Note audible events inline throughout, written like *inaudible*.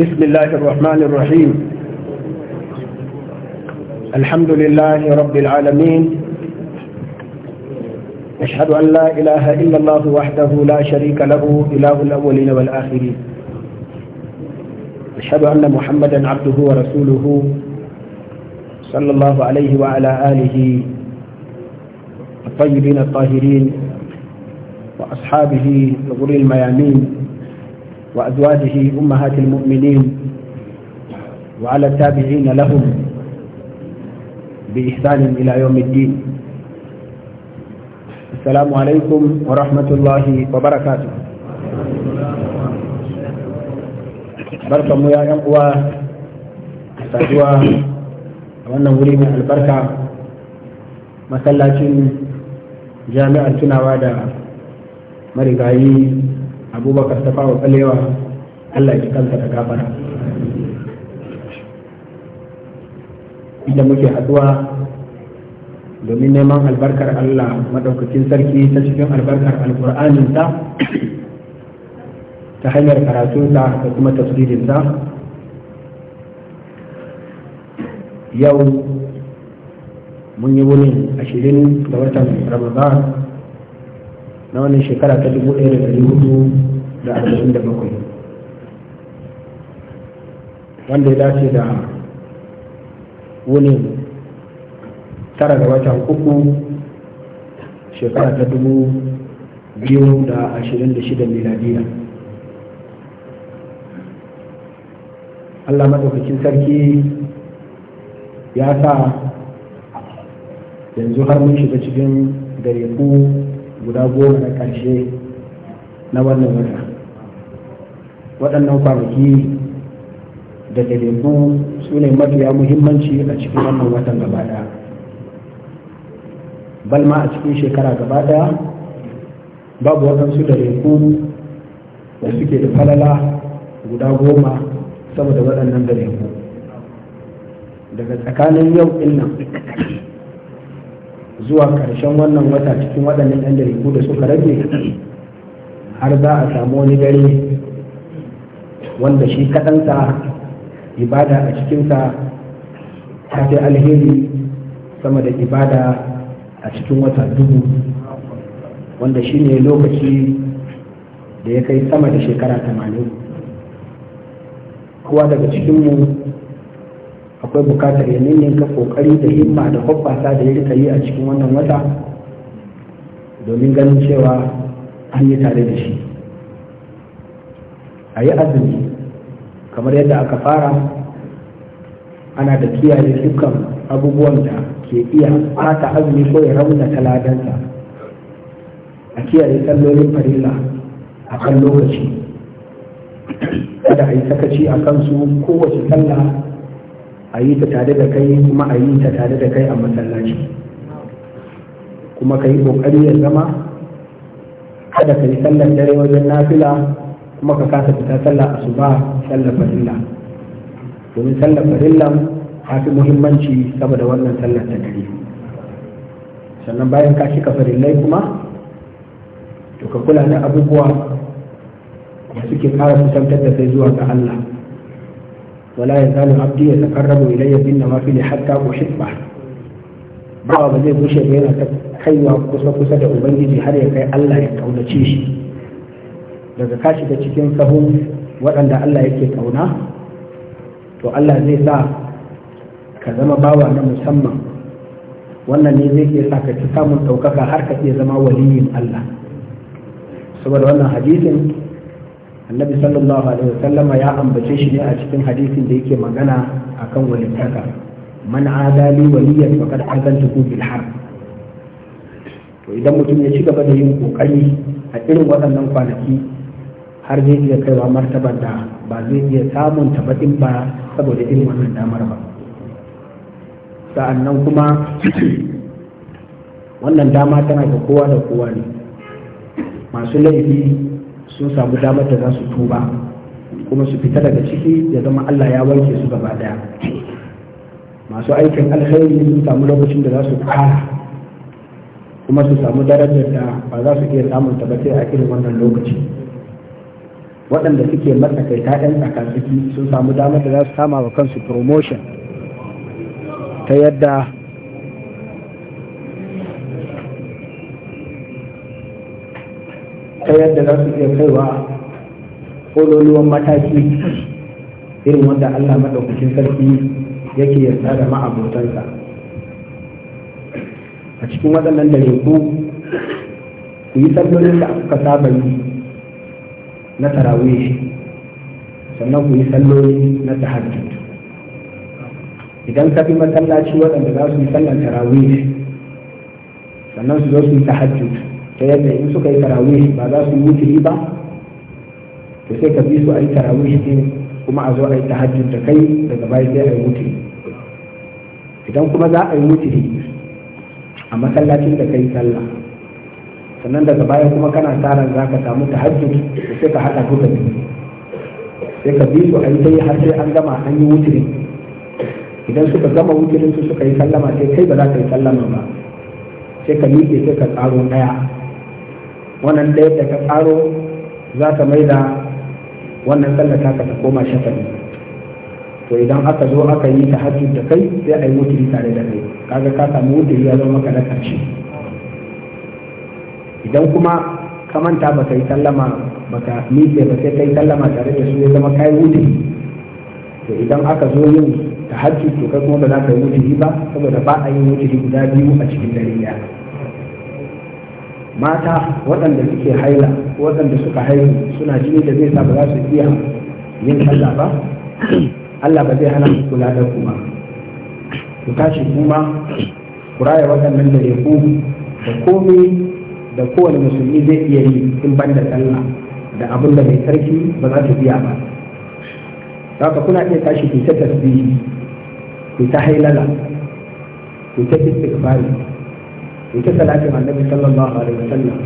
بسم الله الرحمن الرحيم الحمد لله رب العالمين أشهد أن لا إله إلا الله وحده لا شريك له إله الأولين والآخرين أشهد أن محمدا عبده ورسوله صلى الله عليه وعلى آله الطيبين الطاهرين وأصحابه الغر الميامين وأزواجه أمهات المؤمنين وعلى التابعين لهم بإحسان إلى يوم الدين السلام عليكم ورحمة الله وبركاته بركة يا ينقوى سادوا wannan wuri mai albarka masallacin jami'ar tunawa da marigayi abubakar ta fara tsalewa allah ya kansa ta gafara inda muke haduwa domin neman albarkar allah madaukakin sarki ta cikin albarkar alkur'aninsa ta hanyar karatunsa da kuma tasirinsa yau mun yi wurin ashirin da watan ramadan na wannan shekara ta dubu da da da bakwai wanda ya dace da wuni tara ga watan uku shekara ta dubu biyu da ashirin da shida miladiya allah maɗaukacin sarki ya sa yanzu har mun shiga cikin gare ku guda goma na ƙarshe na wannan wata waɗannan kwanaki da dalilu su ne mafiya muhimmanci a cikin wannan watan gaba ɗaya balma a cikin shekara gaba ɗaya babu waɗansu dalilu da suke da falala guda goma saboda waɗannan dalilu daga tsakanin yau ɗin nan zuwa ƙarshen wannan wata cikin waɗannan ɗan jaridu da suka rage har za a samu wani dare wanda shi kaɗansa ibada a cikinsa ta fi alheri sama da ibada a cikin wata dubu wanda shi ne lokaci da ya kai sama da shekara tamanin kowa daga cikinmu akwai bukatar ya ka kokari da himma da hoɓɓasa da ya rika a cikin wannan wata domin ganin cewa an yi tare da shi a yi azumi kamar yadda aka fara ana da kiyaye dukkan abubuwan da ke iya fata azumi ko ya rauna taladansa a kiyaye tsallolin farilla a kan lokaci kada a yi sakaci a kansu kowace sallah a yi ta tare da kai kuma a yi ta tare da kai a masallaci kuma ka yi ƙoƙari ya zama kada ka yi sallar dare wajen nafila kuma ka kasa fita sallar asuba sallar farilla domin sallar farilla ta fi muhimmanci saboda wannan sallar ta dare sannan bayan ka shika farillai kuma to ka kula na abubuwa da suke ƙara kusantar da kai zuwa ga Allah wala ya zalu abdu ya takarrabu ilayya bin nawafil hatta uhibba bawa ba zai bushe ba yana ta kaiwa kusa kusa da ubangiji har ya kai Allah ya kaunace shi daga ka shiga cikin sahun waɗanda Allah yake kauna to Allah zai sa ka zama bawa na musamman wannan ne zai iya sa ka ci samun ɗaukaka har ka iya zama waliyin Allah saboda wannan hadisin annabi sallallahu alaihi wasallam ya ambace shi ne a cikin hadisin da yake magana akan walittaka man adali waliyan faqad azantuhu bil harb to idan mutum ya ci gaba da yin kokari a irin waɗannan kwanaki har zai iya kaiwa martabar da ba zai iya samun tabbatin ba saboda irin wannan damar ba sa'annan kuma *clears throat* wannan dama tana ga kowa da kowa ne masu laifi sun samu damar da za su tuba kuma su fita daga ciki ya zama Allah ya wanke su gaba daya masu aikin alkhairi sun samu lokacin da za su kara kuma su samu darajar da ba za su iya samun ta ba sai a irin wannan lokaci waɗanda suke matsakaita 'yan tsakasiki sun samu damar da za su sama wa kansu promotion ta yadda ta yadda za su iya kaiwa ƙololuwan mataki irin wanda Allah maɗaukacin sarki yake yarda da ma'abotansa a cikin waɗannan da ku ku yi sallolin da aka saba yi na tarawih sannan ku yi sallolin na tahajjud idan ka fi masallaci waɗanda za su yi sallan tarawih sannan su zo su yi tahajjud ta yadda in suka yi tarawih ba za su yi wuturi ba to sai ka bi su a yi tarawih din kuma a zo a yi tahajjud da kai daga baya sai a yi wuturi idan kuma za a yi wuturi a masallacin da kai sallah sannan daga baya kuma kana taron za ka samu tahajjud da sai ka haɗa duka biyu sai ka bi su a yi ta yi har sai an gama an yi wuturi idan suka gama wuturin su suka yi sallama sai kai ba za ka yi sallama ba sai ka miƙe sai ka tsaro ɗaya wannan ɗaya da ka tsaro za ta mai da wannan tsallata ka ta koma shafari to idan aka zo aka yi ta hajji da kai sai a yi wuturi tare da kai kaga ka samu wuturi ya zama maka na ƙarshe idan kuma ka manta ba ka yi sallama ba ka miƙe ba sai ka yi sallama tare da su ya zama kayan wuturi to idan aka zo yin ta hajji to kai kuma ba za ka yi wuturi ba saboda ba a yi wuturi guda biyu a cikin dare ya. mata waɗanda suke haila waɗanda suka haihu suna jini da zai sa ba za su iya yin sallah ba Allah ba zai hana su kula da kuma ku tashi kuma ku raya waɗannan da ku da komai da kowane musulmi zai iya yi in ban da sallah da abin da mai tsarki ba za su biya ba haka kuna iya tashi ku ta tasbihi ku ta hailala ku ta istighfari ku ta salatin annabi sallallahu alaihi wasallam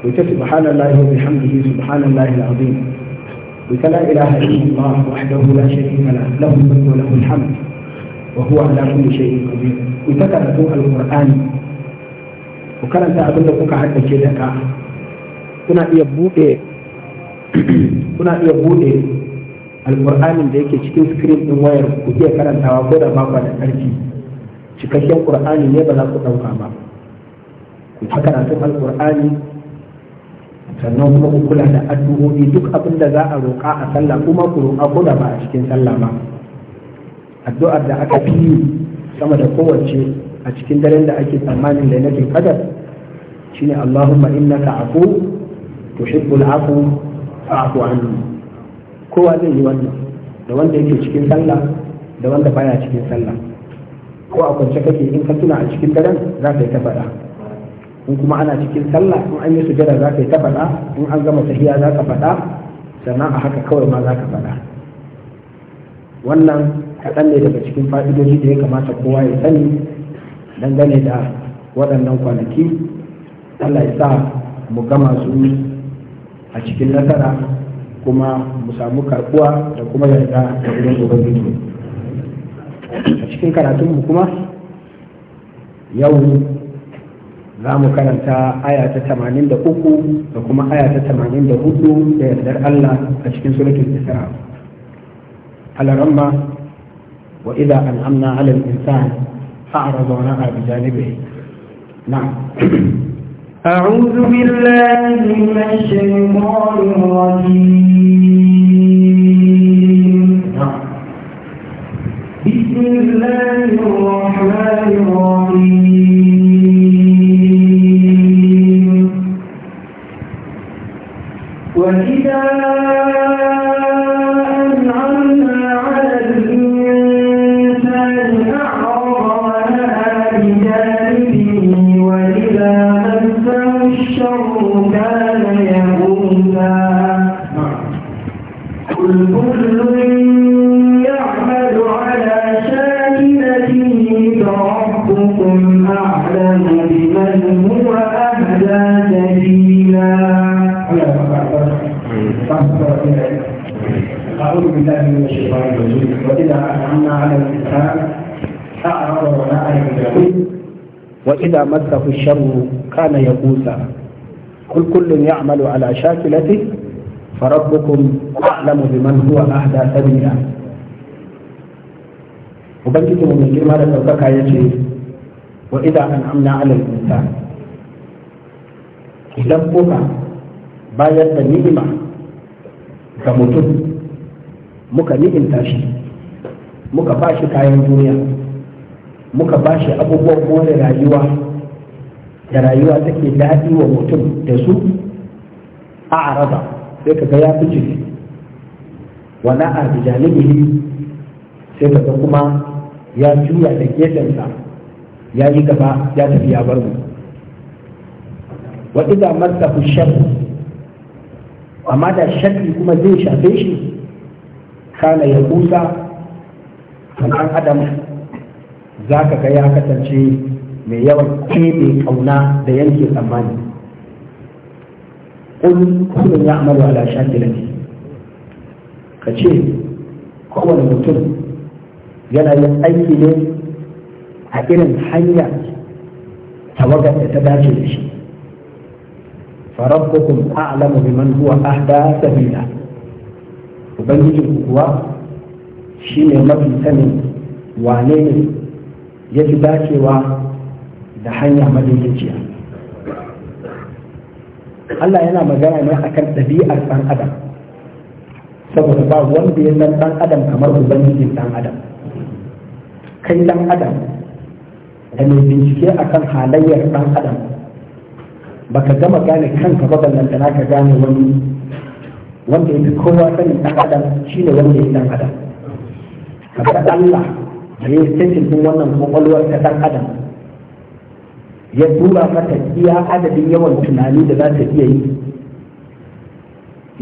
ku ta subhanallahi wa bihamdihi subhanallahi alazim ku ta la ilaha illallah wahdahu la sharika lahu lahu mulku wa lahu alhamd wa huwa ala kulli shay'in qadir ku ta karatu alqur'ani ku karanta abin da kuka haddace da ka kuna iya bude *clears throat* kuna iya bude alƙur'anin da yake cikin screen ɗin wayar ku iya karantawa ko da ba da ƙarfi cikakken ƙur'ani ne ba za ku ɗauka ba ku ta karatun alkur'ani sannan kuma ku kula da addu'o'i duk abin da za a roƙa a sallah kuma ku roƙa ko da ba a cikin sallah ba addu'ar da aka fi sama da kowace a cikin daren da ake tsammanin da nake kadar shine Allahumma innaka afu tuhibbul afu fa'fu anhu kowa zai yi wannan da wanda yake cikin sallah da wanda baya cikin sallah ko a kwance kake in ka tuna a cikin daren za ka yi ta faɗa in kuma ana cikin sallah in an yi sujada za ka yi ta faɗa in an gama tahiya za ka faɗa sannan a haka kawai ma za ka faɗa wannan kaɗan ne daga cikin fa'idoji da ya kamata kowa ya sani dangane da waɗannan kwanaki Allah ya sa mu gama su a cikin nasara kuma mu samu karbuwa da kuma yarda da wurin ubangiji a cikin karatunmu kuma yau za mu karanta aya ta 83 da kuma aya ta 84 da yardar Allah a cikin suratul Isra Alaramma wa idza an'amna 'ala al-insani a'rada wa na'a bi janibihi na'am أعوذ بالله من الشيطان الرجيم بسم الله الرحمن الرحيم إِذَا أعوذ بالله من الشيطان الرجيم وإذا أنعمنا على الإنسان أعرض ونأى وإذا مسه الشر كان يئوسا قل كل يعمل على شاكلته فربكم أعلم بمن هو أهدى سبيلا ubangiji من girma da يجري وإذا أنعمنا على الإنسان إذا amna alal insan ga mutum muka ni'inta shi muka ba shi kayan duniya muka ba shi abubuwan more rayuwa da rayuwa take daɗi wa mutum da su a araba sai ka ga ya fi jiri wani a bijanibihi sai ka ga kuma ya juya da gefensa ya yi gaba ya tafi ya bar mu wa idza massahu amma da shakki kuma zai shafe shi kana ya kusa ɗan adam za ka ga ya kasance mai yawan keɓe ƙauna da yanke tsammani ƙun kullum ya amalu ala shakilati ka ce kowane mutum yana yin aiki ne a irin hanya tawagar da ta dace da shi فربكم أعلم بمن هو أهدى سبيلا وبنجي kuwa shine mafi sanin wane ne ya fi dacewa da hanya madaidaiciya Allah yana magana ne akan ɗabi'ar ɗan adam saboda ba wanda ya san ɗan adam kamar ubangijin ɗan adam kai ɗan adam da mai bincike akan halayyar ɗan adam baka gama gane kanka ba ballantana ka gane wani wanda ya fi kowa sanin ɗan adam shi ne wanda ya ɗan adam kamar Allah da ya setin din wannan kwakwalwar ta ɗan adam ya tura mata iya adadin yawan tunani da za ta iya yi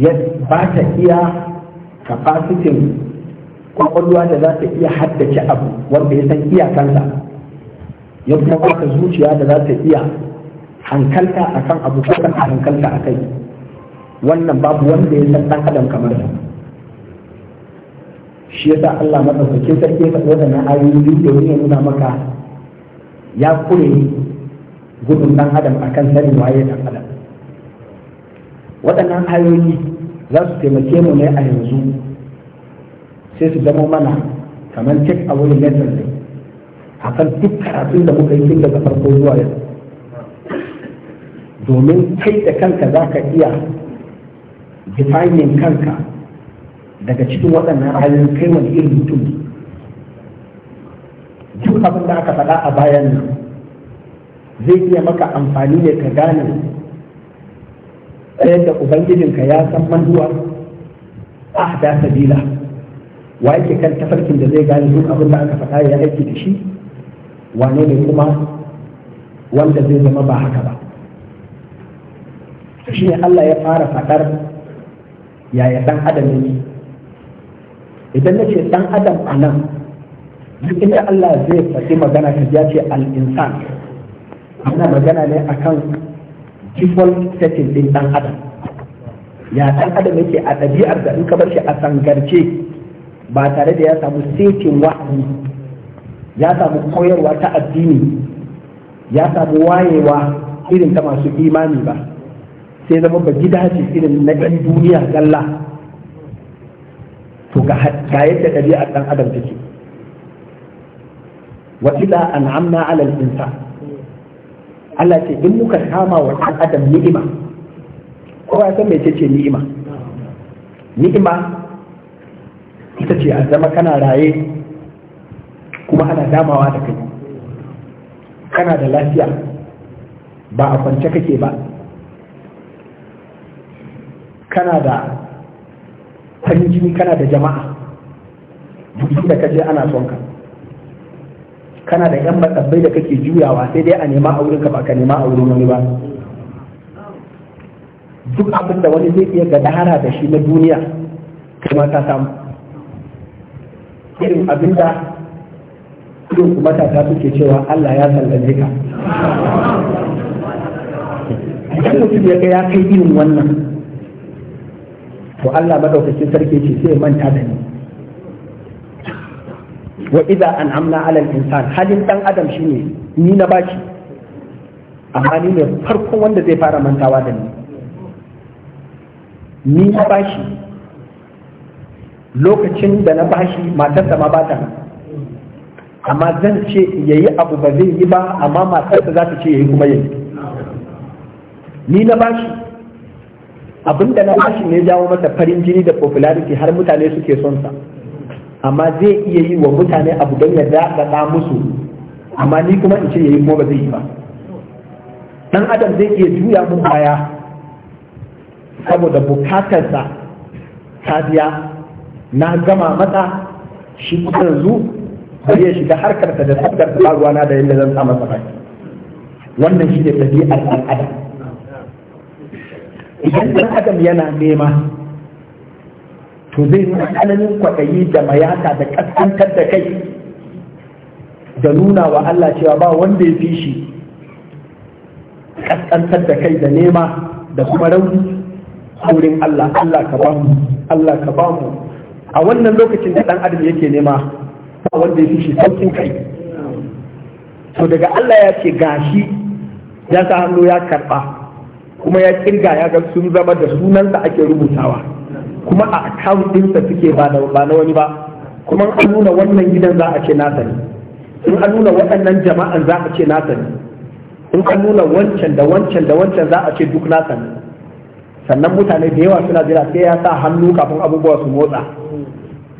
ya ba ta iya kafasitin kwakwalwa da za ta iya haddace abu wanda ya san iyakansa ya kuma ba ta zuciya da za ta iya hankalta a kan abu ko a hankalta a kai wannan babu wanda ya san ɗan adam kamar sa shi yasa Allah madaukakin sarki ya da na ayoyi da wani ya nuna maka ya kure gudun ɗan adam akan sanin waye ɗan adam waɗannan ayoyi za su taimake mu ne a yanzu sai su zama mana kamar cik a lesson A kan duk karatun da muka yi tun daga farko zuwa yanzu domin kai da kanka za ka iya defining kanka daga cikin waɗannan halin kai wani irin mutum duk abin da aka faɗa a bayan nan zai iya maka amfani ne ka gane ɗaya da ubangijinka ya san manduwa a da sabila wa yake kan tafarkin da zai gane duk abin da aka faɗa ya aiki da shi wane ne kuma wanda zai zama ba haka ba shi ne Allah ya fara faɗar yaya ɗan adam yake idan na ɗan adam a nan duk inda Allah zai faɗi magana ta ya ce al'insan ana magana ne akan default setting ɗin ɗan adam ya ɗan adam yake a ɗabi'ar da in ka bar shi a sangarce ba tare da ya samu setin wa'azi ya samu koyarwa ta addini ya samu wayewa irin ta masu imani ba sai zama ba gida ce irin na ɗan duniya galla to ga yadda ɗabi'ar ɗan adam take wa idza an'amna amma alal insa Allah ce in muka kama wa ɗan adam ni'ima ya san me ce ni'ima ni'ima ita ce a zama kana raye kuma ana damawa da kai kana da lafiya ba a kwance kake ba kana da farin jini kana da jama'a duk da kaje ana son ka kana da yan matsabbai da kake juyawa sai dai a nema a ka ba ka nema wurin wani ba duk abin da wani zai iya gadara da shi na duniya ma ta samu irin abin da irin kuma ta suke cewa Allah ya sallame ka idan mutum ya kai irin wannan to Allah madaukakin sarki ce sai manta da ni wa idza an'amna 'ala al-insan halin dan adam shine ni na bashi amma ni ne farkon wanda zai fara mantawa da ni ni na bashi lokacin da na bashi matarsa ma ba ta amma zan ce ya yi abu ba zai yi ba amma matarsa za ta ce ya yi kuma yi ni na bashi da na bashi ne jawo masa farin jini da popularity har mutane suke son sa amma zai iya yi wa mutane abu don ya daɗaɗa musu amma ni kuma in ce yayi kuma ba zai yi ba dan adam zai iya juya mun baya saboda bukatarsa ta biya na gama mata shi kuma yanzu bari ya shiga harkarsa da sabgar da ruwana da yadda zan sa masa baki wannan shi ne tabi'ar al'ada idan ɗan adam yana nema to zai nuna tsananin kwaɗayi da mayata da ƙasƙantar da kai da nuna wa Allah cewa ba wanda ya fi shi ƙasƙantar da kai da nema da kuma rauni wurin Allah Allah ka ba mu Allah ka ba mu a wannan lokacin da ɗan adam yake nema ba wanda ya fi shi saukin kai to daga Allah ya ce gashi ya sa hannu ya karɓa kuma ya kirga ya ga sun zama da sunansa ake rubutawa kuma a account ɗinsa suke ba na wani ba kuma an nuna wannan gidan za a ce nasa ne in an nuna waɗannan jama'an za a ce nasa ne in an nuna wancan da wancan da wancan za a ce duk nasa ne sannan mutane da yawa suna jira sai ya sa hannu kafin abubuwa su motsa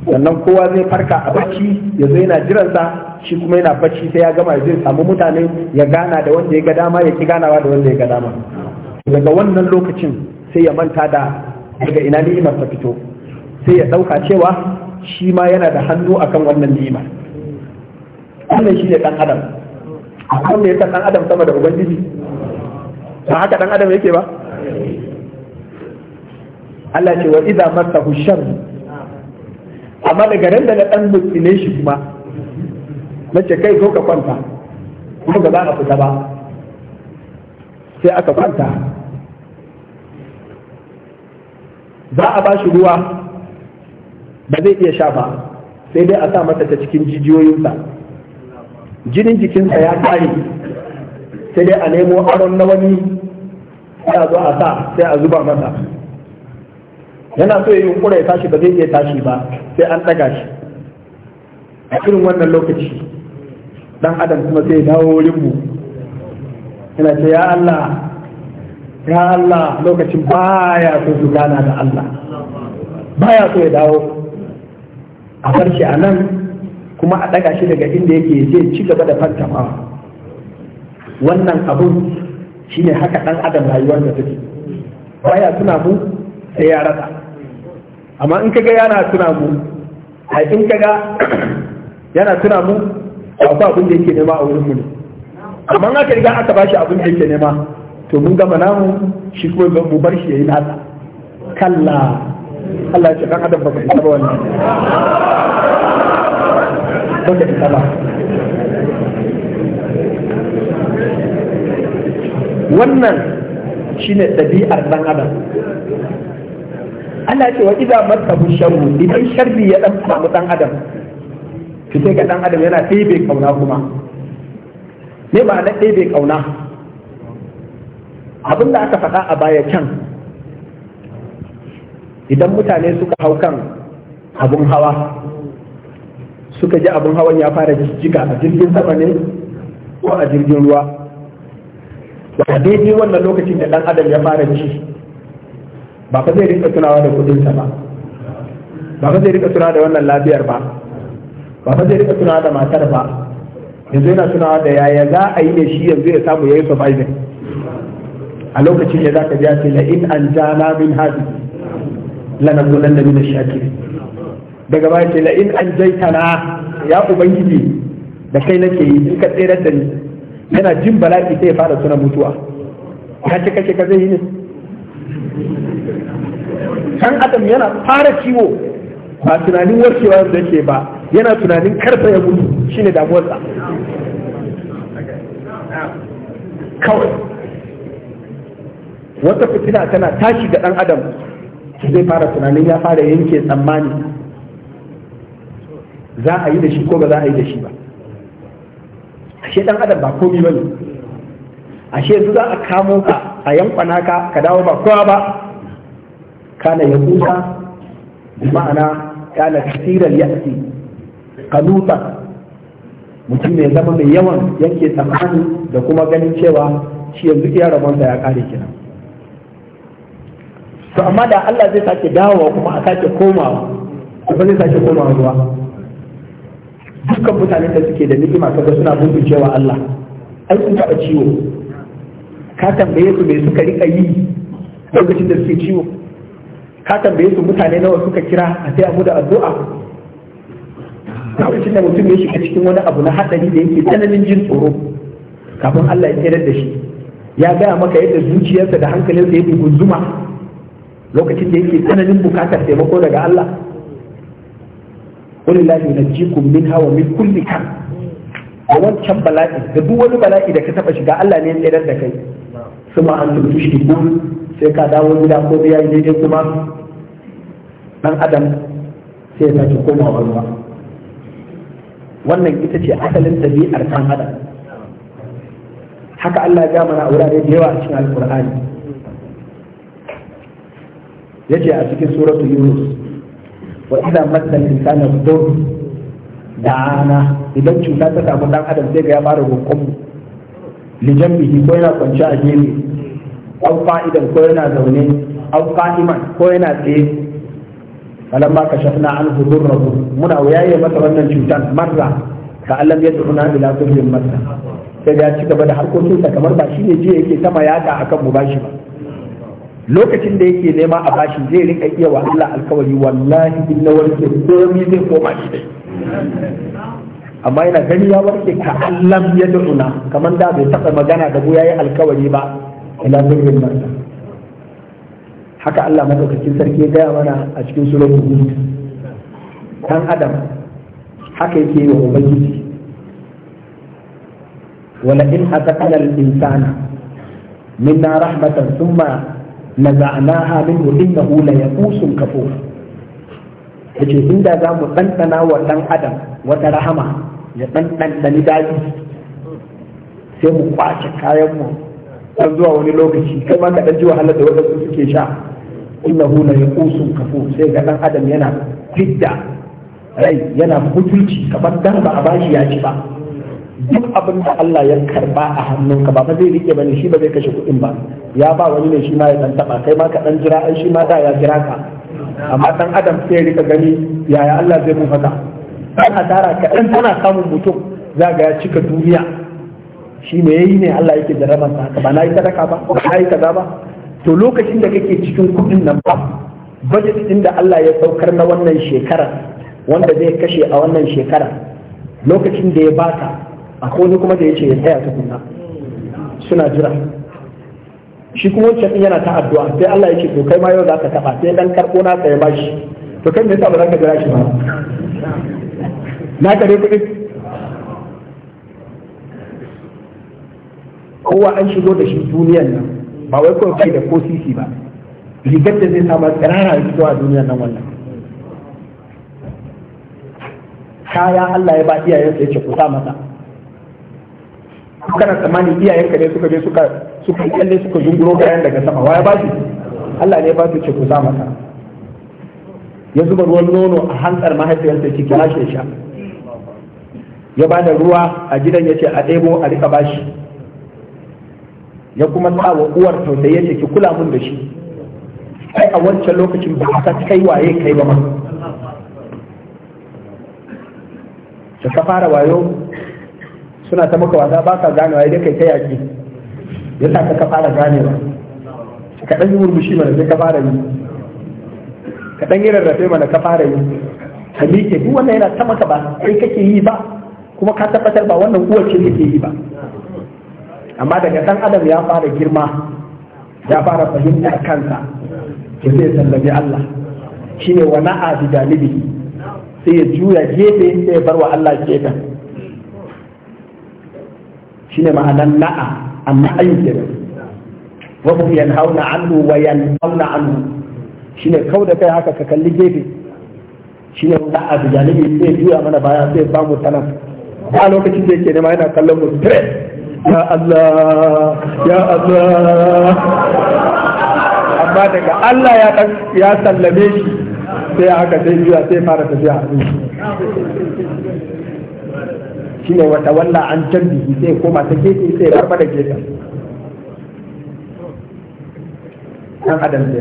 sannan kowa zai farka a bacci ya zo yana jiransa shi kuma yana bacci sai ya gama ya samu mutane ya gana da wanda ya ga dama ya ki ganawa da wanda ya ga dama daga wannan lokacin sai ya manta da daga ina ni'imar ta fito sai ya ɗauka cewa shi ma yana da hannu akan wannan ni'imar wannan shi ne ɗan adam kan ne yasa ɗan adam sama da ubangiji ba haka ɗan adam yake ba Allah ce wa idza masa sharr amma daga ran da na ɗan mutsine shi kuma nace kai zo ka kwanta kuma ba za a fita ba sai aka kwanta za a ba shi ruwa ba zai iya sha ba sai dai a sa masa ta cikin jijiyoyinsa jinin jikinsa ya tsari sai dai a nemo aron na wani ya zo a sa sai a zuba masa yana so ya yi ya tashi ba zai iya tashi ba sai an ɗaga shi a irin wannan lokaci dan adam kuma sai dawo wurin yana ce ya Allah ya Allah lokacin baya so su gana da Allah baya so ya dawo a farshe a nan kuma a ɗaga shi daga inda yake zai ci gaba da fantamawa wannan abun shi ne haka ɗan adam rayuwar da take baya suna mu sai ya rasa amma in kaga yana tuna mu ai in kaga *clears throat* yana tuna mu akwai abin da yake nema a wurin mu ne amma in aka riga aka bashi abin da yake nema to mun gama namu shi kuma ga mu bar shi yayi nasa kalla Allah ya ce kan adam baka isa ba wannan baka isa ba wannan shine ɗabi'ar dan adam Allah ce wa idza masahu sharru idan sharri ya dan samu dan adam to sai ga dan adam yana tebe kauna kuma me ba na tebe kauna abin da aka faɗa a baya can idan mutane suka hau kan abin hawa suka ji abin hawan ya fara jijjiga a jirgin sama ne ko a jirgin ruwa a daidai wannan lokacin da ɗan adam ya fara ji ba fa zai rika tunawa da kudinsa ba ba fa zai rika tunawa da wannan lafiyar ba ba fa zai rika tunawa da matar ba yanzu yana tunawa da yaya za a yi ne shi yanzu ya samu ya yi surviving a lokacin da zaka ji biya sai la'in an jana min hadi lanakunanna da ash-shakirin daga baya ce la'in an an na ya ubangiji da kai nake yi in ka tsere da ni yana jin bala'i sai ya fara suna mutuwa ka ce kace ka zai yi ne kan adam yana fara ciwo ba tunanin warkewa da yake ba yana tunanin karfe ya gudu shine damuwarsa kawai wata fitina tana tashi ga ɗan adam zai fara tunanin ya fara yanke tsammani za a yi da shi ko ba za a yi da shi ba ashe ɗan adam ba komi ba ne ashe yanzu za a kamo ka a yankwana ka ka dawo ba kowa ba kana ya kusa ma'ana kana kasirar yasi kanuta mutum ya zama mai yawan yanke tsammani da kuma ganin cewa shi yanzu iya rabonsa ya kare kenan to amma da Allah zai sake dawowa kuma a sake komawa kuma zai sake komawa zuwa dukkan mutanen da suke da ni'ima kaga suna cewa Allah ai sun taba ciwo ka tambaye su me suka rika yi lokacin da suke ciwo ka tambaye su mutane nawa suka kira a sai mu da addu'a lokacin da mutum ya shiga cikin wani abu na hadari da yake tsananin jin tsoro kafin Allah ya tsirar da shi ya gaya maka yadda zuciyarsa da hankalinsa ya zuma. lokacin da yake tsananin bukatar taimako daga Allah wani lafi na jikun min hawa min kulli kan a wancan bala'i da duk wani bala'i da ka taba shiga Allah ne ya da kai suma an tuntu shi sai ka dawo gida ko biya yi daidai kuma dan adam sai ya sake komawa ruwa wannan ita ce asalin ɗabi'ar ɗan adam haka Allah ya mana a wurare da yawa a cikin alkur'ani yace a cikin suratul yunus wa idza massa insana dur da'ana idan cuta ta samu dan adam sai ga ya fara hukum lijambihi ko yana kwance a gefe aw fa'idan ko yana zaune aw qa'iman ko yana tsaye ma kashafna an durrahu muna wayaye masa wannan cutan marra ka allam yad'una ila kullin marra sai ya ci gaba da harkokinsa kamar ba shi ne jiya yake sama yaka akan mu ba shi ba lokacin da yake nema a bashi zai rinka iya wa Allah alkawari wallahi in na warke komai zai koma shi dai amma yana gani ya warke ka Allah ya duna kamar da bai taɓa magana da ya yi alkawari ba ila birnin marsa haka Allah madaukakin sarki ya gaya mana a cikin suratul hud Kan adam haka yake yi wa ubangiji wala in hasaqala al-insana minna rahmatan thumma نزعناها minhu innahu la yaqusun kafur yace inda za mu ɗanɗana wa ɗan adam wata rahama ya ɗanɗanɗani daji sai mu kwace kayan mu har zuwa wani lokaci kai ma ka ɗan ji wahalar da waɗansu suke sha innahu la kusun kafu sai ga ɗan adam yana fidda rai yana mutunci kamar dan ba a bashi ya ci ba duk abin da Allah ya karba a hannunka ba zai rike bane shi ba zai kashe kuɗin ba ya ba wani ne shi ma ya dan taba kai ma ka dan jira an shi ma da ya jira ka amma dan adam sai rika gani yaya Allah zai mun haka dan asara ka dan tana samun mutum za ga ya cika duniya shi me yayi ne Allah yake jarabar sa haka ba na yi sadaka ba ba na yi kaza ba to lokacin da kake cikin kuɗin nan ba budget din da Allah ya saukar na wannan shekara wanda zai kashe a wannan shekara lokacin da ya baka akwai wani kuma da yake ya tsaya tukunna suna jira shi kuma wancan din yana ta addu'a sai Allah ya ce to kai ma yau za ka taba sai dan karko na tsaye ba shi to kai me yasa ba za ka jira shi ba na ka dai kowa an shigo da shi duniyan nan ba wai kawai kai da ko sisi ba rigar da zai samu tsirara a fito a duniyan nan wannan kaya Allah ya ba iyayensa ya ce ku sa masa kana tsammani iyayenka ne suka je suka suka kalle suka junguro kayan daga sama waya ba shi Allah ne ba su ce ku mu ta. ya zuba ruwan nono a hantsar mahaifiyarsa ki kira shi sha ya bada ruwa a gidan ya ce a ɗebo a rika bashi ya kuma sa wa uwar tausayi ya ce ki kula mun da shi kai a wancan lokacin ba a kai waye kai ba ma da fara wayo suna ta maka wasa ba ka ganewa idan kai ta yaki ya sa ka fara ganewa ka ɗan yi murmushi mana sai ka fara yi ka ɗan yi rarrafe mana ka fara yi ka miƙe duk wannan yana ta maka ba kai kake yi ba kuma ka tabbatar ba wannan uwar ce kake yi ba amma daga ɗan adam ya fara girma ya fara fahimtar kansa ya zai sallabi Allah shine wana'a bi janibi sai ya juya gefe sai ya bar wa Allah gefen shine ma'anar na'a amma ayyukan wasu na anhu wa yanhauna shi shine kau da kai haka ka kalli gefe shine wanda a bijanibi sai juya mana baya sai ba tana. Ba a lokacin da yake nema yana kallon mu straight ya Allah ya Allah amma daga Allah ya dan ya sallame shi sai haka sai juya sai fara tafiya shine wata walla an tambihi sai koma ta gefe sai karba da gefe dan adam ne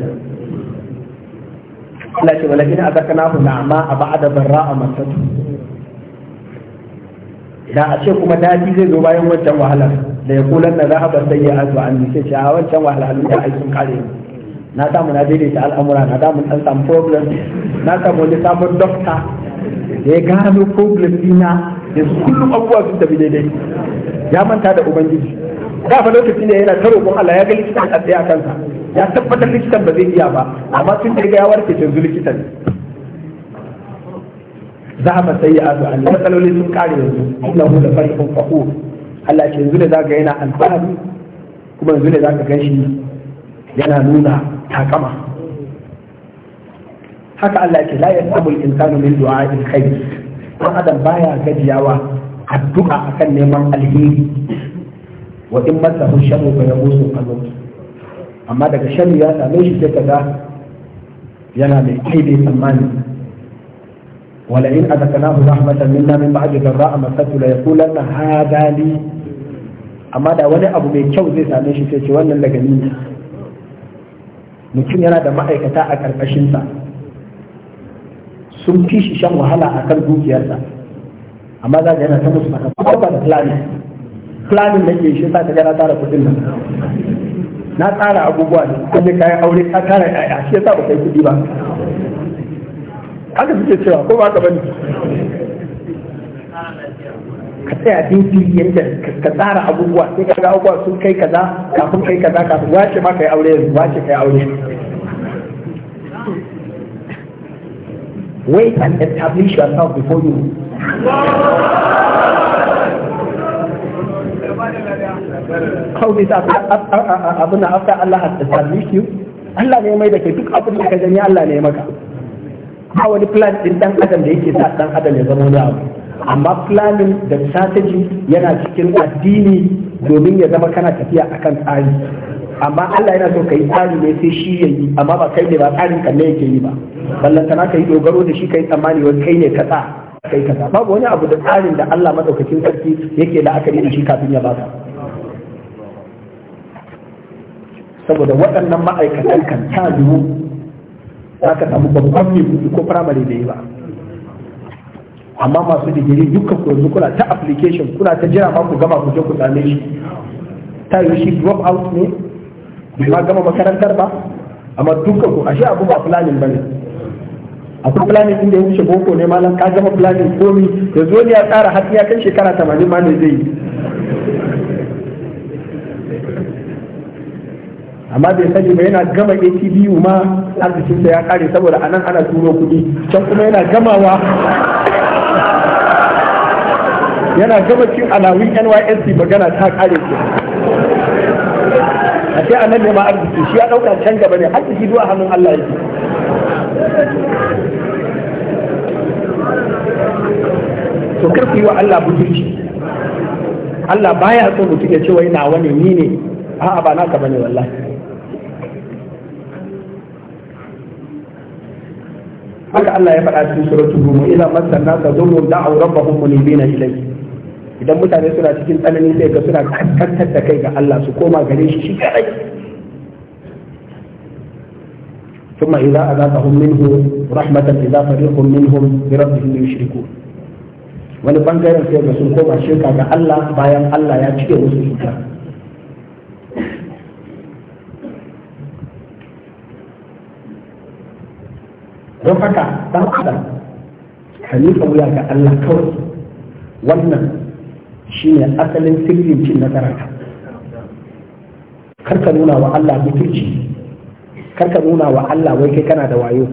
Allah ce walakin azaknahu na'ama a ba'da barra'a masatu da a ce kuma dadi zai zo bayan wancan wahalar da ya kulan na zahaba sai ya azu an sai ce a wancan an da aikin kare na samu na daidaita al'amura na samu an samu problem na samu wani sabon dokta da ya gano problem dina yanzu kullum abubuwa sun tafi daidai ya manta da ubangiji da fa lokacin da yana ta kun Allah ya ga likitan a tsaye a kansa ya tabbatar likitan ba zai iya ba amma tun da ya warke yanzu likitan za ma sai ya azu an matsaloli sun kare yanzu innahu la farihun faqur Allah ke yanzu ne ga yana alfahari kuma yanzu ne za ka ganshi yana nuna takama haka Allah ke la yasabu insanu min du'a al-khair dan adam baya gajiyawa addu'a akan neman alheri wa in masahu sharru fa yamusu qalbu amma daga shamu ya same shi sai kaga yana mai kaide tsammani wala in azakanahu rahmatan minna min ba'di dharra'a masatu la yaqulanna hada li amma da wani abu mai kyau zai same shi sai ce wannan daga ni mutum yana da ma'aikata a karkashinsa sa sun fi shi shan wahala a kan dukiyarsa amma za ka yana ta musu maka ba da planning planning ke shi sa ka gana tara kudin nan na tsara abubuwa da kulle kayan aure ka tara yaya shi yasa ba kai kuɗi ba haka suke cewa ko ba ka bani ka tsaya dinki yadda ka tsara abubuwa sai ka ga abubuwa sun kai kaza kafin kai kaza kafin wace ma yi aure yanzu wace yi aure wait and establish yourself before you. How is abu na after Allah has established you? Allah ne mai da ke duk abin da ka gani Allah ne maka. Ba wani plan din dan adam da yake sa dan adam ya zama wani abu. Amma planning da strategy yana cikin addini domin ya zama kana tafiya akan tsari. amma Allah yana so ka yi tsari ne sai shi ya yi amma ba kai ne ba tsarin kalle yake yi ba ballantana ka yi dogaro da shi ka yi tsammani wani kai ne kasa kai kasa babu wani abu da tsarin da Allah madaukakin sarki yake la'akari da shi kafin ya baka saboda waɗannan ma'aikatan kan ta dubu za ka samu babban mai kuɗi ko firamare da yi ba amma masu digiri dukkan ku yanzu kuna ta application kuna ta jira ma ku gama ku je ku same shi ta yi shi drop out ne bai ma gama makarantar ba amma dukkan ku ashe abu ba planning bane akwai planning din da ya wuce boko ne malam ka gama planning komi ya zo ne ya tsara har ya kan shekara 80 ma ne zai yi amma bai sani ba yana gama ATBU ma arzikinsa ya kare saboda anan ana turo kuɗi can kuma yana gamawa yana gama cin alawin NYSC magana ta kare ke a a nan ne ma arziki shi ya ɗauka can gaba ne arziki zuwa hannun Allah yake to kar ku yi wa Allah butulci Allah baya so mutum ya ce wai na wani ni ne a'a ba na naka bane wallahi haka Allah ya faɗa cikin suratul rum ila masanna tadurru da'u rabbahum munibina ilayhi idan mutane suna cikin tsanani sai ga suna kakkantar da kai ga Allah su koma gare shi shi kadai idza azaqahum minhu rahmatan idza إذا minhum bi rabbihim yushriku wani bangaren sai ga sun koma shirka ga Allah bayan Allah ya cike musu shirka don haka dan adam yi wuya ga Allah kawai wannan Shi ne asalin sirrin cin nasararka karka nuna wa Allah mutunci karka nuna wa Allah wai kai kana da wayo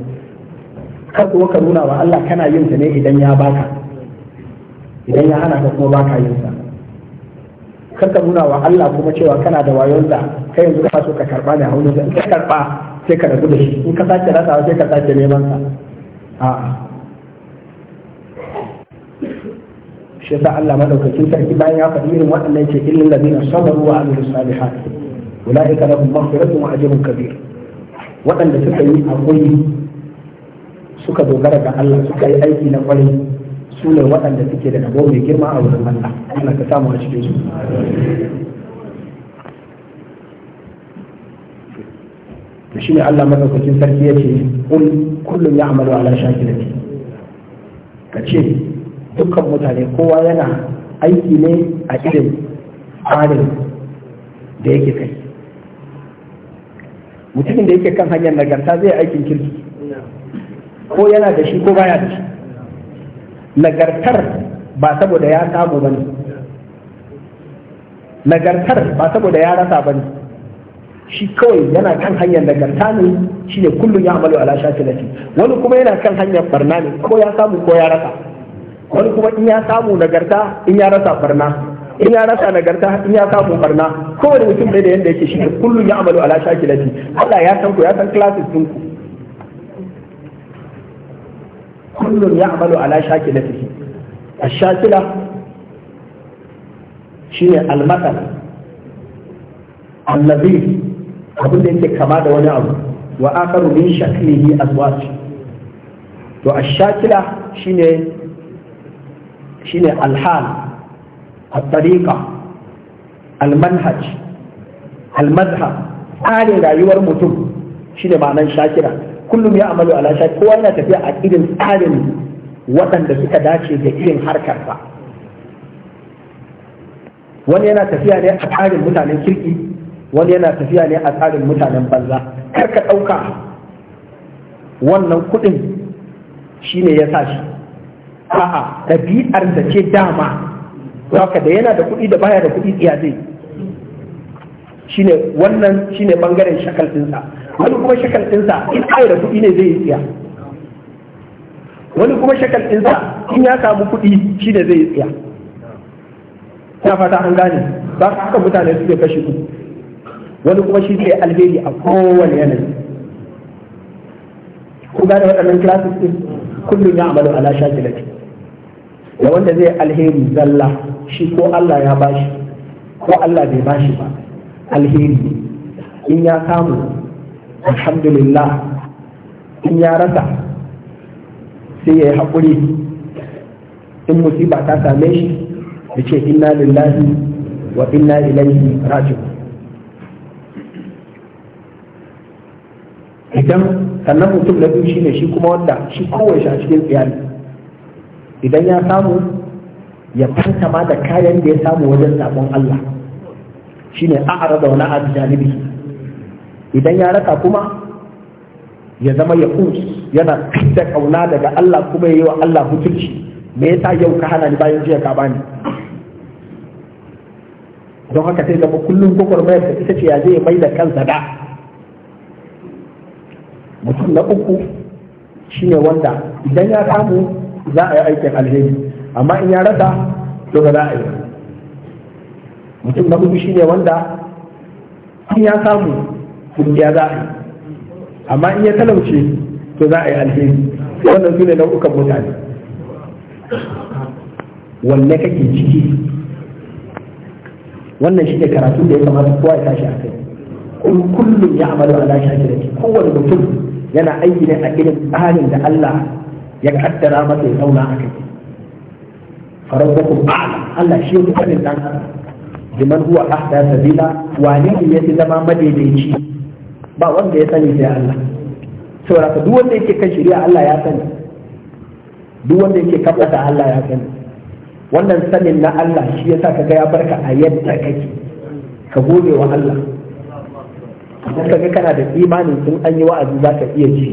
kar kuma ka nuna wa Allah kana yin ne idan ya baka idan ya hana ka kuma baka yin sa kar ka nuna wa Allah kuma cewa kana da wayon da kai yanzu ka so ka karba ne a wani zan, ka karba sai ka rabu da shi in ka sace rasawa sai ka sace neman sa a'a shi yasa Allah madaukakin sarki bayan ya faɗi irin waɗannan ce illal ladina sabaru wa amilus salihat ulaika lahum maghfiratun wa ajrun kabir waɗanda suka yi akwai suka dogara ga Allah suka yi aiki na kwarai su ne waɗanda suke da rabo mai girma a wurin Allah ana ka samu a cikin su shi ne Allah madaukakin sarki yace kul kullum ya'malu ala shakilati ce. dukkan mutane kowa yana aiki ne a irin halin da yake kai mutumin da yake kan hanyar nagarta zai aikin kirki ko yana da shi ko baya da shi nagartar ba saboda ya samu ba ne nagartar ba saboda ya rasa ba ne shi kawai yana kan hanyar nagarta ne shi ne kullum ya amalu ala shafi wani kuma yana kan hanyar barna ne ko ya samu ko ya rasa wani kuma in ya samu nagarta in ya rasa barna in ya rasa nagarta in ya samu barna kowane mutum ne da yanda yake shi kullum ya amalu ala shakilati Allah ya san ku ya san classes din ku kullum ya amalu ala shakilati ashakila ne almasal allazi abin da yake kama da wani abu wa akaru min shaklihi azwaj to ashakila shine shine alhal al-tariqa al-manhaj al-madhhab tsarin rayuwar mutum shine ma'anar shakira kullum ya amalu ala shakira kowa yana tafiya a irin tsarin waɗanda suka dace da irin harkarsa wani yana tafiya ne a tsarin mutanen kirki wani yana tafiya ne a tsarin mutanen banza kar ka ɗauka wannan kuɗin shine ya sa shi a'a ɗabi'ar da ce dama haka da yana da kuɗi da baya da kuɗi iya zai shine wannan shine bangaren shakal ɗinsa wani kuma shakal ɗinsa in ai da kuɗi ne zai yi tsiya wani kuma shakal ɗinsa in ya samu kuɗi shine zai yi tsiya ta fata an gane ba haka mutane suke kashe kuɗi wani kuma shi zai alheri a kowane yanayi ku gane waɗannan classes ɗin kullum ya amalu ala shakilati da wanda zai alheri zalla shi ko Allah ya bashi ko Allah bai bashi ba alheri in ya samu alhamdulillah in ya rasa sai ya yi haƙuri in musiba ta same shi da ce inna lillahi wa inna ilaihi raji'un idan sannan mutum na biyu shine shi kuma wanda shi shi a cikin iyali idan ya samu ya fantama ma da kayan da ya samu wajen zaɓen Allah shi ne a'ara da wani abu janibi idan ya raka kuma ya zama ya kus yana da kauna daga Allah kuma ya yi wa Allah mutunci me yasa yau ka hana ni bayan jiya ka bani don haka sai zama kullum mayar da ita ce ya zai mai da kansa da mutum na uku shine wanda idan ya samu za a yi aikin alheri amma in ya rasa to ba za a yi mutum na shi shine wanda in ya samu kungiya za a yi amma in ya talauce to za a yi alheri wannan su ne nau'ukan mutane wanne kake ciki wannan shi ne karatun da ya kamata kowa ya tashi a kai kullum ya amalu lashe a kowane mutum yana aiki ne a irin tsarin da Allah ya kaddara masa ya zauna a kai farautakun a'ala Allah shi ya kuka ɗan adam liman huwa ahda sabila Wani ne ya fi zama madaidaici ba wanda ya sani sai Allah saboda ka duk wanda yake kan shari'a Allah ya sani duk wanda yake kabbata Allah ya sani wannan sanin na Allah shi yasa ka ga ya barka a yadda kake ka gode wa Allah idan ka kana da imani sun an yi wa'azi zaka iya ci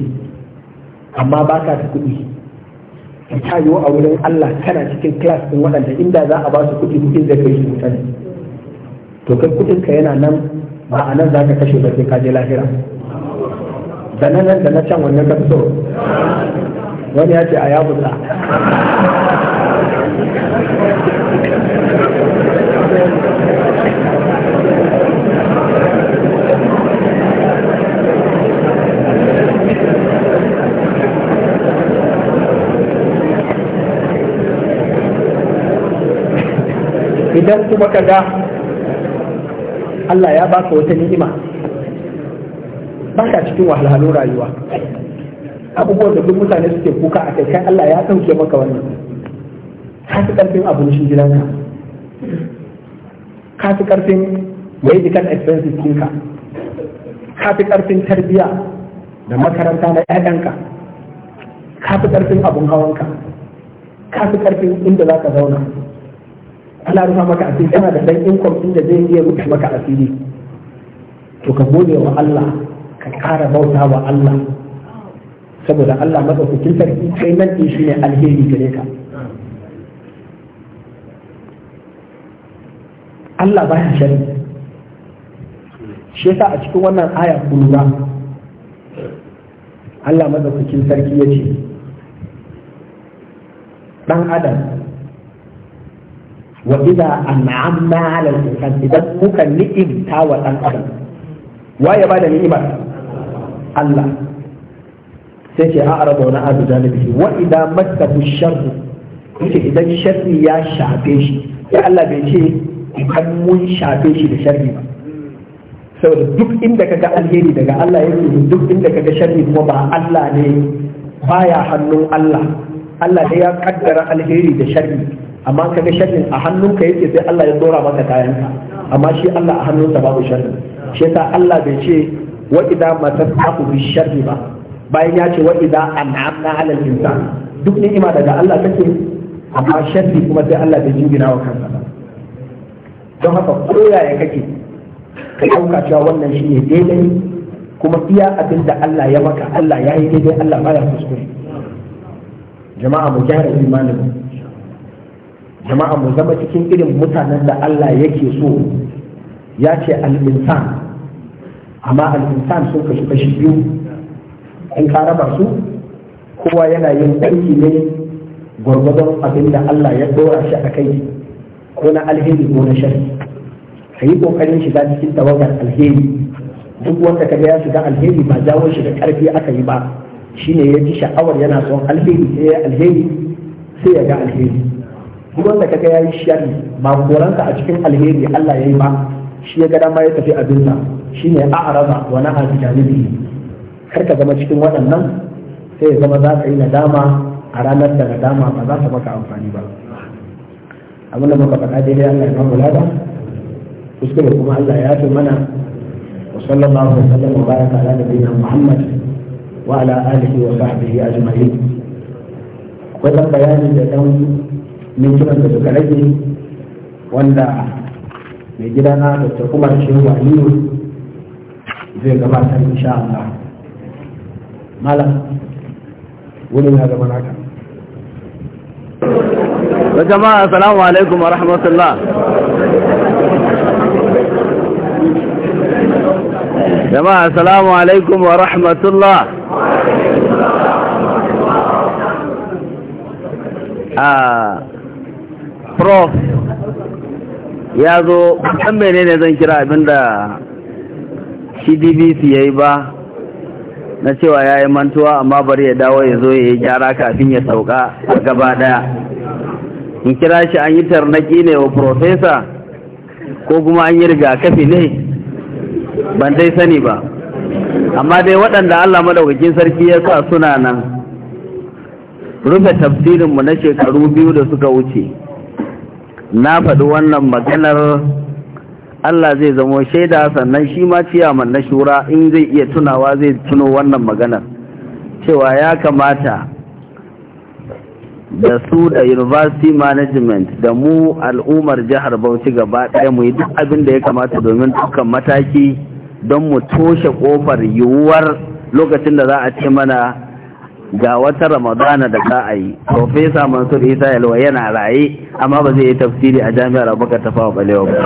amma ba ka da kuɗi ta a wurin Allah kana cikin class din waɗanda inda za a ba su kuɗi kuɗin zai kai su mutane, to kai kuɗin ka yana nan ba a nan za ka kashe ba sai ka je lahira da na nan da na can wannan ka so wani ya ce a ya idan kuma ka ga Allah ya baka wata ni'ima baka cikin wahalhalun rayuwa abubuwan da duk mutane suke kuka a kai Allah ya sauke maka wannan ka fi ƙarfin abincin gidanka ka fi ƙarfin medical expenses ɗinka ka fi ƙarfin tarbiyya da makaranta na ‘ya'yanka ka fi ƙarfin abin hawanka ka fi ƙarfin inda za ka zauna ana rufa maka asiri kana da dan inkom din da zai iya rufe maka asiri to ka gode wa Allah ka ƙara bauta wa Allah saboda Allah madaukakin sarki kai nan din shine alheri gare ka Allah ba shi shari shi yasa a cikin wannan aya kulura Allah madaukakin sarki ya ce dan adam wa idza an'amna 'ala al-insan idan muka ni'imta wa dan adam waye ba Allah sai ce a'rada wa na'adu janibihi wa idza massahu sharru yace idan sharri ya shafe shi sai Allah bai ce idan mun shafe shi da sharri ba saboda duk inda kaga alheri daga Allah yake duk inda kaga ba Allah ne baya hannun Allah Allah ne ya kaddara alheri da sharri amma ka ga sharrin a hannunka yake sai Allah ya dora maka kayanka amma shi Allah a hannunsa babu sharrin shi yasa Allah bai ce wa idza matasaqu bi sharri ba bayan ya ce wa idza an'amna 'ala al-insan duk ni'ima daga Allah take amma sharri kuma sai Allah bai jingina wa kansa ba don haka koyaya kake ka dauka cewa wannan shi shine daidai kuma iya abin da Allah ya maka Allah ya yi daidai Allah ba ya kuskure jama'a mu gyara imanin jama'a mu zama cikin irin mutanen da Allah yake so ya ce al-insan amma al-insan sun kashi kashi biyu in ka raba su kowa yana yin aiki ne gwargwadon abin da Allah ya dora shi a kai ko na alheri ko na shari ka yi kokarin shiga cikin tawagar alheri duk wanda ka ga ya shiga alheri ba jawo shi da karfi aka yi ba shine ya ji sha'awar yana son alheri sai ya alheri sai ya ga alheri duk da kaga yayi sharri makoransa a cikin alheri Allah yayi ba shi ya ga dama ya tafi abinsa shine a'raba wa na'a bijanibi kar ka zama cikin waɗannan sai ya zama za ka yi nadama a ranar da nadama ba za ta maka amfani ba Abin abinda muka faɗa daidai Allah ya ba mu lada kuskure kuma Allah ya fi mana wa sallallahu alaihi wa sallam wa baraka ala nabiyina Muhammad wa ala alihi wa sahbihi ajma'in akwai dan bayanin da dan min kiran da suka rage wanda mai na da ta kuma wa aliyu zai gabatar insha Allah malam wurin ya gaba naka da jama'a assalamu alaikum wa rahmatullah jama'a assalamu alaikum wa rahmatullah ah, prof ya zo ɗan mene ne zan kira abinda cdbc ya yi ba na cewa ya yi mantuwa amma bari ya dawo ya zo ya yi gyara kafin ya sauka a gaba daya in kira shi an yi tarnaki ne wa profesa ko kuma an yi rigakafi ne ban dai sani ba amma dai waɗanda allah madaukakin sarki ya sa suna nan rufe tafsirinmu na shekaru biyu da suka wuce na faɗi wannan maganar Allah zai zamo shaida sannan shi ma ciyaman na shura in zai iya tunawa zai tuno wannan maganar cewa ya kamata da su da university management da mu al'ummar jihar bauchi gaba ɗaya mu yi duk abin da ya kamata domin dukkan mataki don mu toshe ƙofar yiwuwar lokacin da za a ce mana ga wata ramadana da za a yi profesa mansur isa yalwa yana raye amma ba zai yi tafsiri a jami'ar abubakar ta fawa balewa ba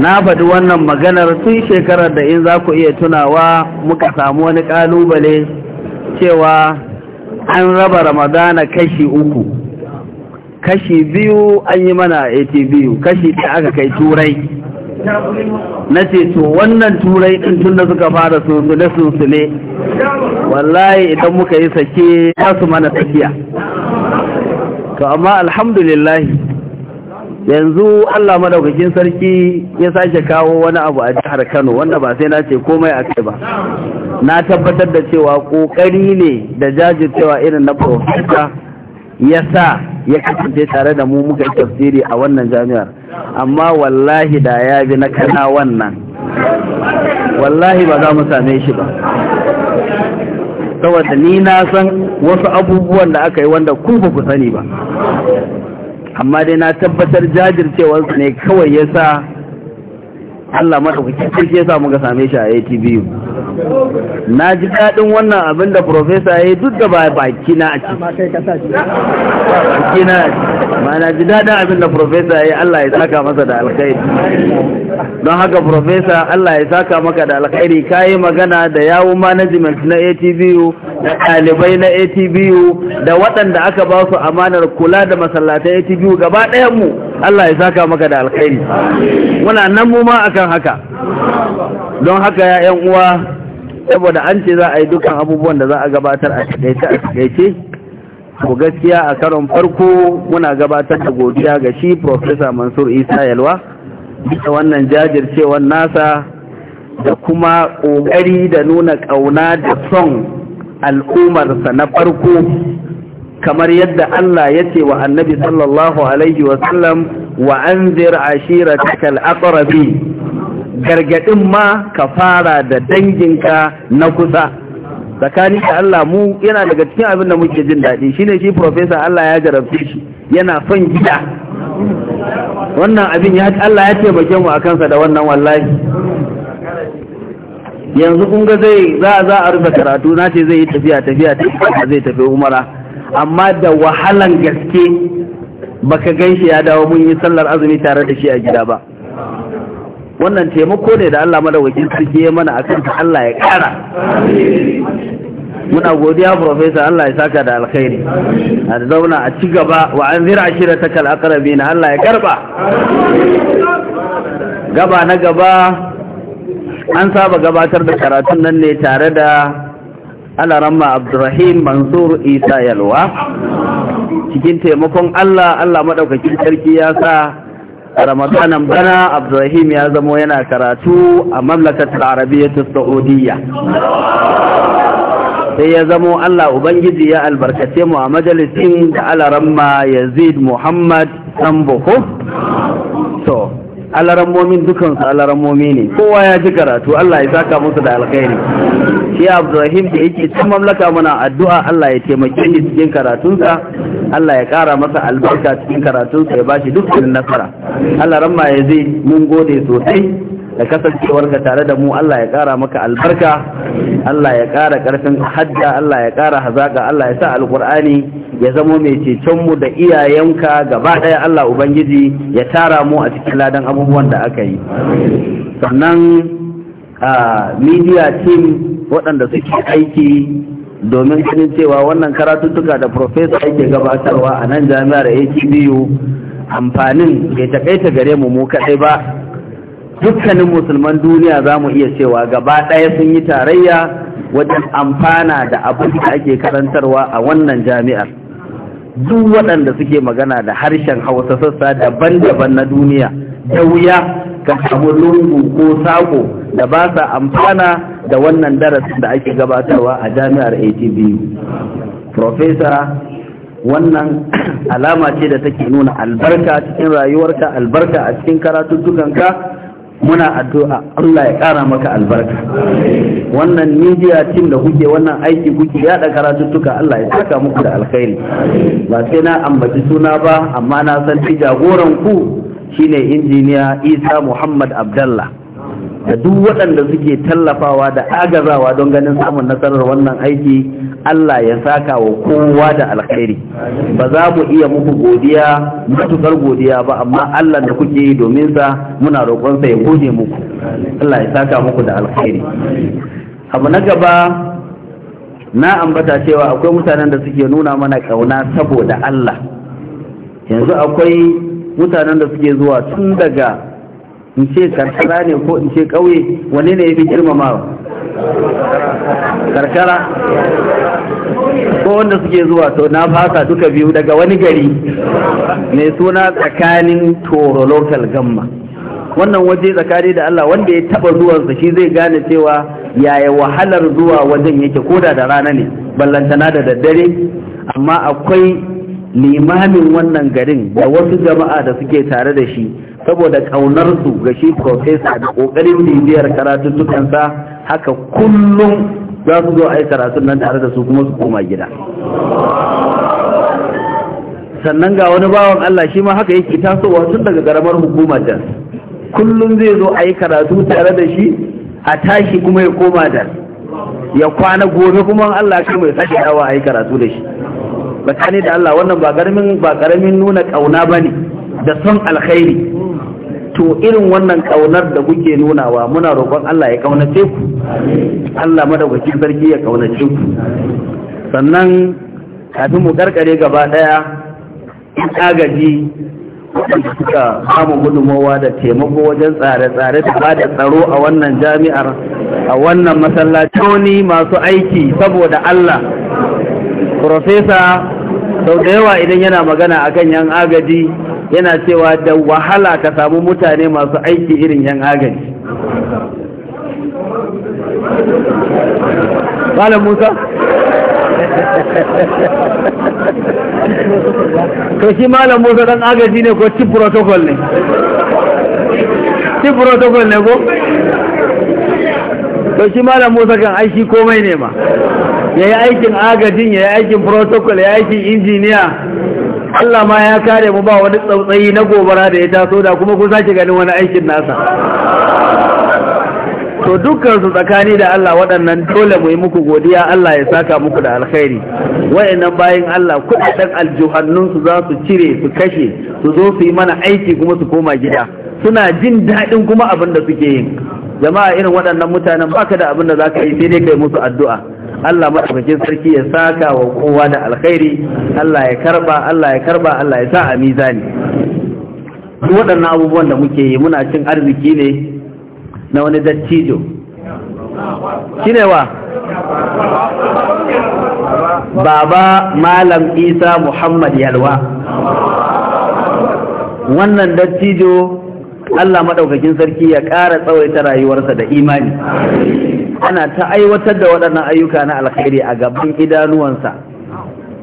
na faɗi wannan maganar tun shekarar da in za ku iya tunawa muka samu wani ƙalubale cewa an raba ramadana kashi uku kashi biyu an yi mana atbu kashi ta aka kai turai na ce to wannan turai ɗin tun da suka fara sunsule sunsule wallahi idan muka yi sake su mana tafiya. to amma alhamdulillah yanzu Allah madaukakin sarki ya sake kawo wani abu a jihar Kano wanda ba sai na ce komai a kai ba na tabbatar da cewa kokari ne da jajircewa irin na professor ya sa ya kasance tare da mu muka yi tafsiri a wannan jami'ar amma wallahi da ya bi na kana wannan wallahi ba za mu same shi ba saboda ni na san wasu abubuwan da aka yi wanda ku ba ku sani ba amma dai na tabbatar jajircewarsu ne kawai ya sa Allah madaukakin sarki ya samu ga same shi a ATV. na ji daɗin wannan abin da profesa ya yi duk da ba baki na a ciki ma na ji daɗin abin da profesa ya yi Allah ya saka masa da alkhairi don haka profesa Allah ya saka maka da alkhairi ka yi magana da yawun management na atbu da ɗalibai na atbu da waɗanda aka ba su amanar kula da masallatai atbu gaba ɗayan mu. Allah ya saka maka da alkhairi muna nan mu ma akan haka don haka ya yan uwa saboda an ce za a yi dukan abubuwan da za a gabatar a takaice a takaice ko gaskiya a karon farko muna gabatar da godiya ga shi Profesa Mansur Isa Yalwa bisa wannan jajircewar nasa da kuma ƙoƙari da nuna ƙauna da son al'ummarsa na farko kamar yadda Allah ya ce wa annabi sallallahu alaihi wasallam wa an zira ashira takal akarabi gargadin ma ka fara da danginka na kusa tsakani da Allah mu yana daga cikin abin da muke jin daɗi shine shi profesa Allah ya jarabce shi yana son gida wannan abin ya Allah ya taimake mu a kansa da wannan wallahi yanzu kun ga zai za a rufe karatu na ce zai yi tafiya tafiya tafiya zai tafi umara amma da wahalan gaske baka gan shi ya dawo mun yi sallar azumi tare da shi a gida ba wannan taimako ne da Allah madawacin wajen ya mana a kanta Allah ya kara muna godiya profesa Allah ya saka da alkhairi a zauna a ci gaba wa an zira da ta akarabi na Allah ya karba gaba na gaba an saba gabatar da karatun nan ne tare da alaramma abdurrahim mansur isa yalwa cikin taimakon allah allah maɗaukakin sarki ya sa Ramadan bana abdurrahim ya zamo yana karatu a mamlakatul arabiyyatar saudiya sai ya zamo allah ubangiji ya albarkace mu a majalisin da alaramma yazid muhammad sambo to alarammomin su alarammomi ne kowa ya ji karatu Allah ya saka musu da alkhairi shi Abdulrahim da yake cikin mamlaka muna addu'a Allah ya taimake shi cikin karatunsa Allah ya kara masa albarka cikin karatunsa ya bashi dukkan nasara Allah ramma ya zai mun gode sosai da kasancewarka tare da mu Allah ya kara maka albarka Allah ya ƙara ƙarfin hajja Allah ya kara hazaƙa Allah ya sa alƙur'ani ya zamo mai mu da iyayenka gaba ɗaya Allah Ubangiji ya tara mu a cikin ladan abubuwan da aka yi. Sannan a media team waɗanda suke aiki domin ganin cewa wannan karatuttuka da professor yake gabatarwa a nan jami'ar ATBU amfanin bai taƙaita gare mu mu kaɗai ba dukkanin musulman duniya za mu iya cewa gaba ɗaya sun yi tarayya wajen amfana da abin da ake karantarwa a wannan jami'ar duk waɗanda suke magana da harshen hausa sassa daban-daban na duniya da wuya ka lungu ko sako da ba sa amfana da wannan darasin da ake gabatarwa a jami'ar atb profesa wannan alama ce da take nuna albarka cikin rayuwarka albarka a cikin karatuttukanka muna addu'a Allah ya ƙara maka albarka wannan media team da kuke wannan aiki kuke yada karatuttuka Allah ya saka muku da alkhairi ba sai na ambaci suna ba amma na san jagoran ku shine injiniya Isa Muhammad Abdallah da duk waɗanda suke tallafawa da agazawa don ganin samun nasarar wannan aiki Allah ya saka wa kowa da alkhairi ba za mu iya muku godiya matukar godiya ba amma Allah da kuke yi domin sa muna roƙonsa ya gode muku Allah ya saka muku da alkhairi abu na gaba na ambata cewa akwai mutanen da suke nuna mana ƙauna saboda Allah yanzu akwai mutanen da suke zuwa tun daga in ce karkara ne ko in ce ƙauye wanne ne ya fi girmamawa karkara ko wanda suke zuwa to na fasa duka biyu daga wani gari mai suna tsakanin toro local gamma wannan waje tsakani da Allah wanda ya taba zuwansa shi zai gane cewa yaya wahalar zuwa wajen yake koda da rana ne ballantana da daddare amma akwai limamin wannan garin da wasu jama'a da suke tare da shi saboda ƙaunarsu ga shi profesa da ƙoƙarin bibiyar sa, haka kullum za su zo a yi karatun nan tare da su kuma su koma gida sannan ga wani bawan Allah shi ma haka yake tasowa tun daga garamar hukuma da kullum zai zo a karatu tare da shi a tashi kuma ya koma da ya kwana gobe kuma Allah shi mai sake dawa a yi karatu da shi ba da Allah wannan ba karamin nuna ƙauna bane da son alkhairi to irin wannan kaunar da kuke nunawa muna roƙon Allah ya kaunace ku Allah madaukakin sarki ya kaunace ku sannan kafin mu karkare gaba daya in agaji wanda suka samu gudunmowa da taimako wajen tsare-tsare da bada tsaro a wannan jami'ar a wannan masallaci masu aiki saboda Allah Profesa sau da yawa idan yana magana akan yan agaji yana cewa da wahala ka samu mutane masu aiki irin yan agaji malam musa to shi malam musa dan agaji ne ko ci protocol ne ci protocol ne ko to shi malam musa kan aiki komai ne ma ya yi aikin agajin ya yi aikin protocol ya yi aikin injiniya Allah ma ya kare mu ba wani tsautsayi na gobara da ya taso da kuma kun sake ganin wani aikin nasa to dukkan su tsakani da Allah waɗannan dole mu yi muku godiya Allah ya saka muku da alkhairi waɗannan bayan Allah kuɗaɗen aljuhannunsu za su cire su kashe su zo su yi mana aiki kuma su koma gida suna jin daɗin kuma abin da suke yin jama'a irin waɗannan mutanen baka da abin da za ka yi sai dai kai musu addu'a Allah maɗaukakin sarki ya saka wa kowa da alkhairi Allah ya karba Allah ya karba Allah ya sa a mizani waɗannan abubuwan da muke yi muna cin arziki ne na wani dattijo shine wa baba malam isa muhammad yalwa wannan dattijo Allah madaukakin sarki ya ƙara tsawaita rayuwarsa da imani ana ta aiwatar da waɗannan ayyuka na alkhairi a gaban idanuwansa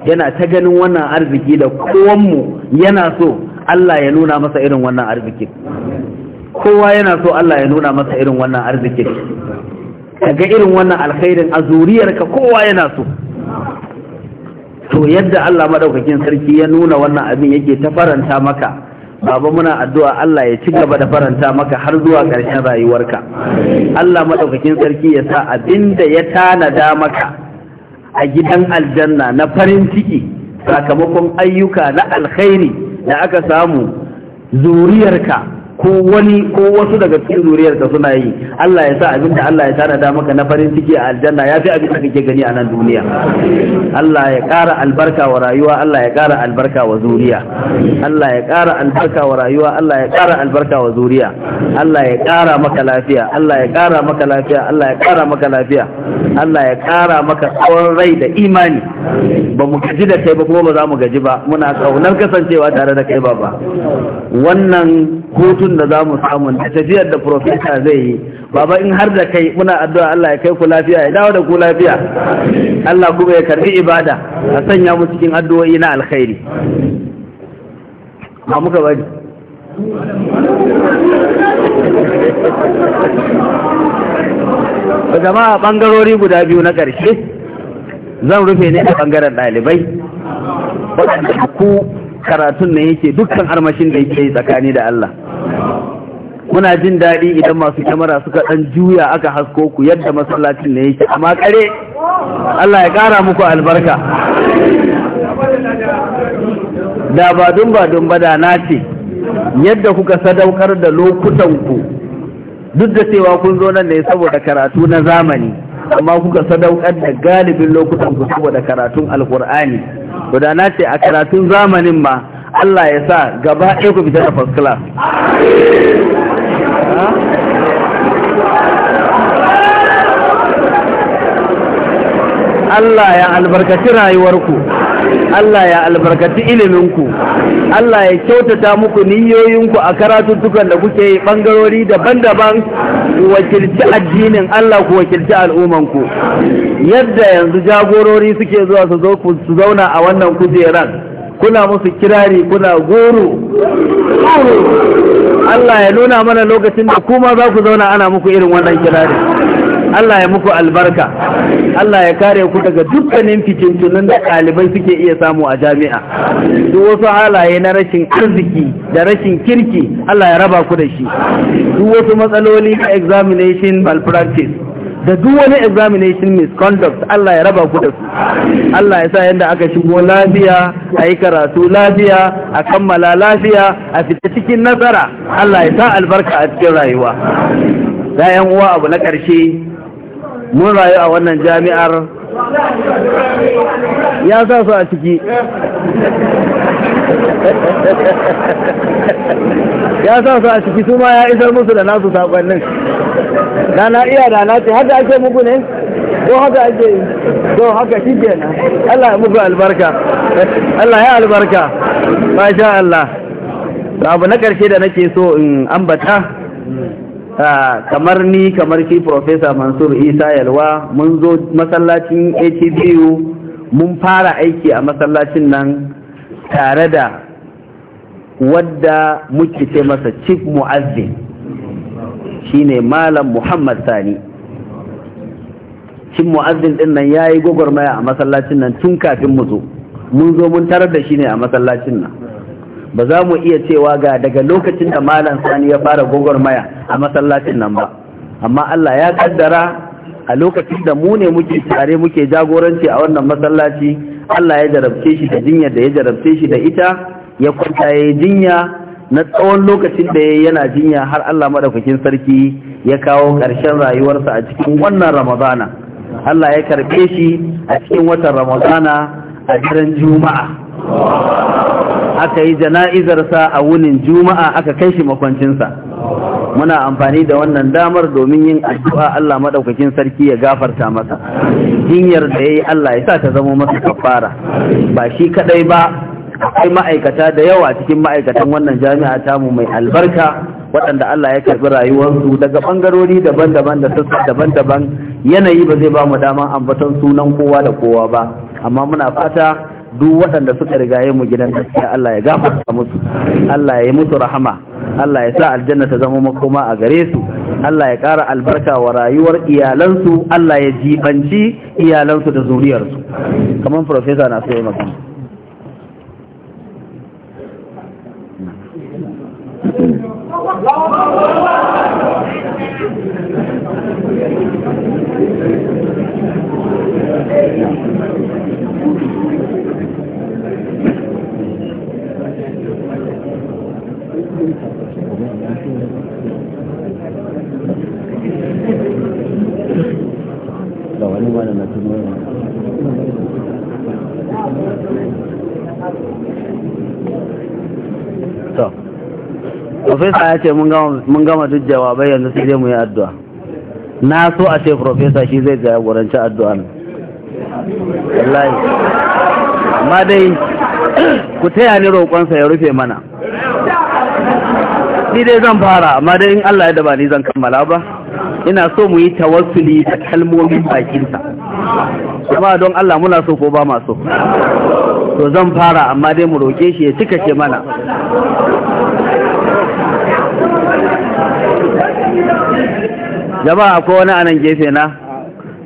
yana ta ganin wannan arziki da kowanmu yana so Allah ya nuna masa irin wannan arzikin kowa yana so Allah ya nuna masa irin wannan arzikin kaga irin wannan alkhairin a zuriyarka kowa yana so to yadda Allah madaukakin sarki ya nuna wannan abin yake ta faranta maka baba muna addu'a Allah ya ci gaba da faranta maka har zuwa ƙarshen rayuwarka Allah madaukakin sarki ya sa abinda ya tanada maka a gidan aljanna na farin ciki sakamakon ayyuka na alkhairi da aka samu zuriyarka ko wani ko wasu daga cikin zuriyar ka suna yi Allah ya sa abin da Allah ya da maka na farin ciki a aljanna ya fi abin da kake gani a nan duniya Allah ya ƙara albarka wa rayuwa Allah ya ƙara albarka wa zuriya Allah ya ƙara albarka wa rayuwa Allah ya ƙara albarka wa zuriya Allah ya ƙara maka lafiya Allah ya ƙara maka lafiya Allah ya ƙara maka lafiya Allah ya ƙara maka tsawon rai da imani ba mu gaji da kai ba kuma ba za mu gaji ba muna kaunar kasancewa tare da kai ba ba wannan hutu hutun da za mu samu da tafiyar da profesa zai yi baba in har da kai muna addu'a Allah ya kai ku lafiya ya dawo da ku lafiya Allah kuma ya karbi ibada a sanya mu cikin addu'o'i na alkhairi ba muka bari *laughs* jama'a bangarori guda biyu na ƙarshe zan rufe ne a bangaren ɗalibai waɗanda ku karatun ne yake dukkan armashin da yake tsakani da Allah kuna jin daɗi idan masu kyamara suka ɗan juya aka hasko ku yadda masallacin ne yake amma kare Allah ya ƙara muku albarka da ba dun ba da na ce yadda kuka sadaukar da lokutanku duk da cewa kun zo nan ne saboda karatu na zamani amma kuka sadaukar da galibin lokutanku saboda karatun alkur'ani to da na ce a karatun zamanin ma Allah ya sa gaba ɗaya ku fita da first class Allah ya albarkaci rayuwarku Allah ya albarkaci iliminku Allah ya kyautata muku niyoyinku a karatuttukan da kuke yi ɓangarori daban-daban wakilci addinin Allah ku wakilci al'ummanku yadda yanzu jagorori suke zuwa su zauna a wannan kujerar. kuna musu kirari kuna goro Allah ya nuna mana lokacin da kuma za ku zauna ana muku irin wannan kirari Allah ya muku albarka Allah ya kare ku daga dukkanin fitintunan da ɗalibai suke iya samu a jami'a duk wasu halaye na rashin arziki da rashin kirki Allah ya raba ku da shi duk wasu matsaloli na examination malpractice da duk wani examination misconduct Allah ya raba ku da su Allah ya sa yanda aka shigo lafiya a yi karatu lafiya a kammala lafiya a fita cikin nasara Allah ya sa albarka a cikin rayuwa da yan uwa abu na ƙarshe mun rayu a wannan jami'ar ya sa su a ciki ya sa su a ciki su ma ya isar musu da nasu saƙonnin da na iya da na ce haka ake muku ne ko haka ake yi ko haka shi na Allah ya muku albarka Allah ya albarka masha Allah abu na karshe da nake so in ambata kamar ni kamar ki Profesa Mansur Isa Yalwa mun zo masallacin ATBU mun fara aiki a masallacin nan tare da wadda muke ce masa chief mu'azzin shine malam muhammad sani chief mu'azzin din nan ya yi gwagwarmaya a masallacin nan tun kafin mu zo mun zo mun tarar da shi ne a masallacin nan ba za mu iya cewa ga daga lokacin da malam sani ya fara gwagwarmaya a masallacin nan ba amma allah ya kaddara a lokacin da mu ne muke tare muke jagoranci a wannan masallaci Allah ya jarabce shi da jinya da ya jarabce shi da ita ya kwanta ya jinya na tsawon lokacin da yana jinya har Allah madaukakin sarki ya kawo ƙarshen rayuwarsa a cikin wannan Ramadana Allah ya karɓe shi a cikin watan Ramadana a daren Juma'a aka yi jana'izarsa a wunin juma'a aka kai shi makwancinsa muna amfani da wannan damar domin yin addu'a Allah madaukakin sarki ya gafarta masa jinyar da yayi Allah ya sa ta zama masa kafara ba shi kadai ba akwai ma'aikata da yawa cikin ma'aikatan wannan jami'a tamu mai albarka waɗanda Allah ya karɓi rayuwarsu daga ɓangarori daban-daban da sassa daban-daban yanayi ba zai ba mu daman ambaton sunan kowa da kowa ba amma muna fata duk waɗanda suka riga mu gidan gaskiya Allah ya gafarta musu Allah ya yi musu rahama Allah ya sa aljanna ta zama makoma a gare su Allah ya ƙara albarka wa rayuwar iyalansu Allah ya jibanci iyalansu da zuriyarsu kamar profesa na so yi magana Thank you. da wani mana na tuno to profesa ya ce mun gama duk jawabai yanzu sai zai mu yi addu'a na so a ce profesa shi zai jagoranci addu'an wallahi amma dai ku taya ni roƙonsa ya rufe mana ni dai zan fara amma dai in Allah ya daba ni zan kammala ba ina so mu yi tawassuli da kalmomin bakinsa kuma don Allah muna so ko ba ma so to zan fara amma dai mu roke shi ya cika ce mana jama'a ko wani anan gefe na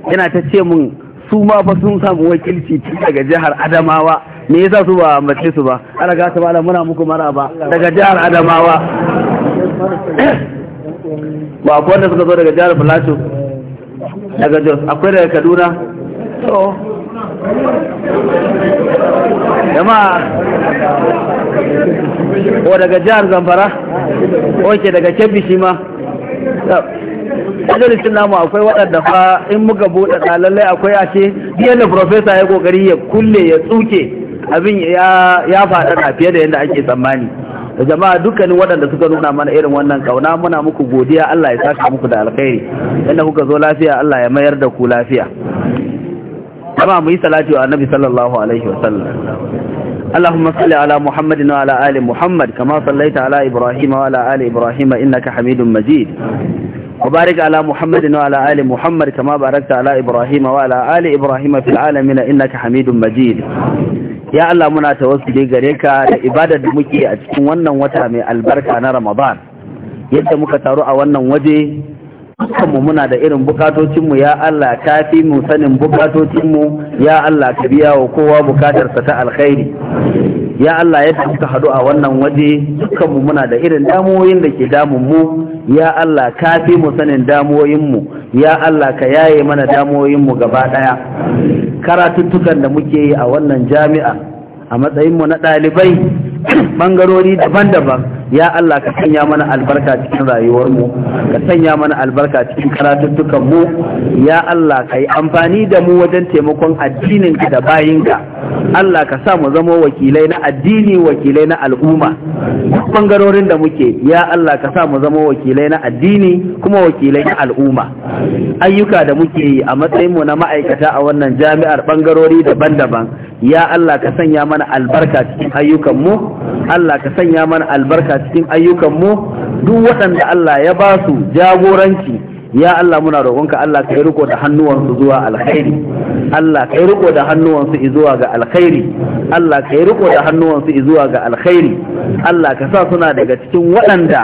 Ina ta ce mun su ma fa sun samu wakilci daga jihar Adamawa me yasa su ba mace su ba ana ta malam muna muku maraba daga jihar Adamawa ba akwai wanda suka zo daga jihar plateau daga jos akwai daga kaduna to jama'a ko daga jihar zamfara oke daga kebbi shi ma majalisun namu akwai waɗanda fa in muka buɗe lallai akwai a ce biyan da profesa ya kokari ya kulle ya tsuke abin ya faɗaɗa fiye da yadda ake tsammani da jama'a dukkanin waɗanda suka nuna mana irin wannan kauna muna muku godiya Allah ya saka muku da alkhairi inda kuka zo lafiya Allah ya mayar da ku lafiya kama mu yi salati wa annabi sallallahu alaihi wa sallam اللهم صل على محمد وعلى آل محمد كما صليت على إبراهيم وعلى آل إبراهيم إنك حميد مجيد وبارك على محمد وعلى آل محمد كما باركت على إبراهيم وعلى آل إبراهيم في العالمين إنك حميد مجيد ya Allah muna tawassuli gare ka da ibada da muke a cikin wannan wata mai albarka na Ramadan yadda muka taru a wannan waje mu muna da irin bukatocinmu ya Allah ka fi mu sanin bukatocinmu ya Allah ka biya wa kowa bukatarsa ta alkhairi ya Allah yadda muka hadu a wannan waje mu muna da irin damuwoyin da ke damun mu ya Allah ka fi mu sanin mu. ya Allah ka yaye mana mu gaba ɗaya karatuttukan da muke yi a wannan jami'a a matsayinmu na ɗalibai bangarori daban-daban ya Allah ka sanya mana albarka cikin rayuwarmu ka sanya mana albarka cikin karatuttukan mu ya Allah ka yi amfani da mu wajen taimakon addinin ka da bayinka Allah ka sa mu zama wakilai na addini wakilai na al'umma duk bangarorin da muke ya Allah ka sa mu zama wakilai na addini kuma wakilai na al'umma ayyuka da muke yi a matsayin mu na ma'aikata a wannan jami'ar bangarori daban-daban ya Allah ka sanya mana albarka cikin ayyukan mu Allah ka sanya mana albarka cikin ayyukanmu duk waɗanda Allah ya ba su jagoranci ya Allah muna roƙonka Allah ka yi riko da hannuwansu zuwa alkhairi Allah ka yi riko da hannuwansu zuwa ga alkhairi Allah ka yi riko da hannuwansu zuwa ga alkhairi Allah ka sa suna daga cikin waɗanda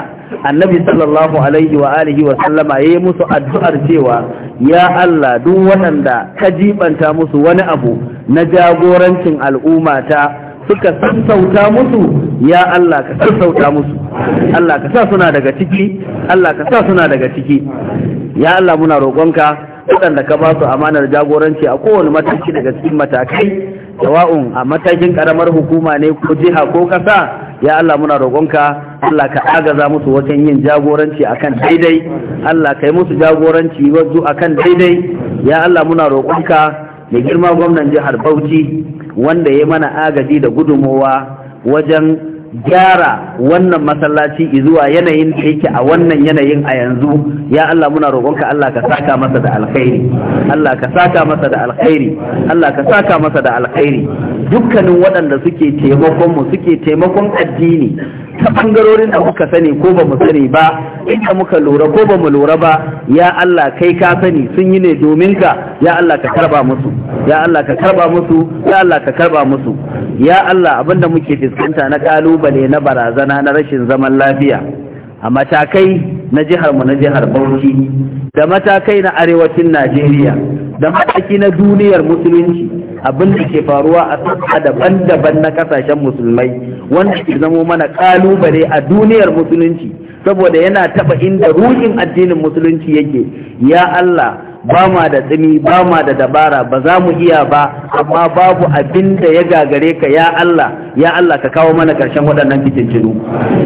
annabi sallallahu alaihi wa alihi wa sallama ya yi musu addu'ar cewa ya Allah duk waɗanda ka jibanta musu wani abu na jagorancin al'umma ta suka sassauta musu ya Allah ka sassauta musu Allah ka sa suna daga ciki Allah ka sa suna daga ciki ya Allah muna roƙonka waɗanda ka ba su amanar jagoranci a kowane mataki daga cikin matakai sawa'un a matakin ƙaramar hukuma ne ko jiha ko ƙasa ya Allah muna roƙonka Allah ka agaza musu wajen yin jagoranci akan daidai Allah ka yi musu jagoranci wajen akan daidai ya Allah muna roƙonka mai girma gwamnan jihar bauchi wanda ya mana agaji da gudunmowa wajen gyara wannan masallaci zuwa yanayin da yake a wannan yanayin a yanzu ya Allah muna roƙonka Allah ka saka masa da alkhairi Allah ka saka masa da alkhairi Allah ka saka masa da alkhairi dukkanin waɗanda suke taimakon mu suke taimakon addini ta bangarorin da muka sani ko ba mu sani ba inda muka lura ko ba mu lura ba ya Allah kai ka sani sun yi ne domin ka ya Allah ka karba musu ya Allah ka karba musu ya Allah ka karba musu ya Allah abinda muke fuskanta na kalubale na barazana na rashin zaman lafiya a matakai na jihar mu na jihar Bauchi da matakai na arewacin Najeriya da mataki na duniyar musulunci abin da ke faruwa a sassa daban-daban na kasashen musulmai wanda ke zamo mana kalubale a duniyar musulunci saboda yana taba inda ruhin addinin musulunci yake ya Allah ba ma da tsimi ba ma da dabara ba za mu iya ba amma babu abin da ya gagare ka ya Allah ya Allah ka kawo mana karshen waɗannan fitintinu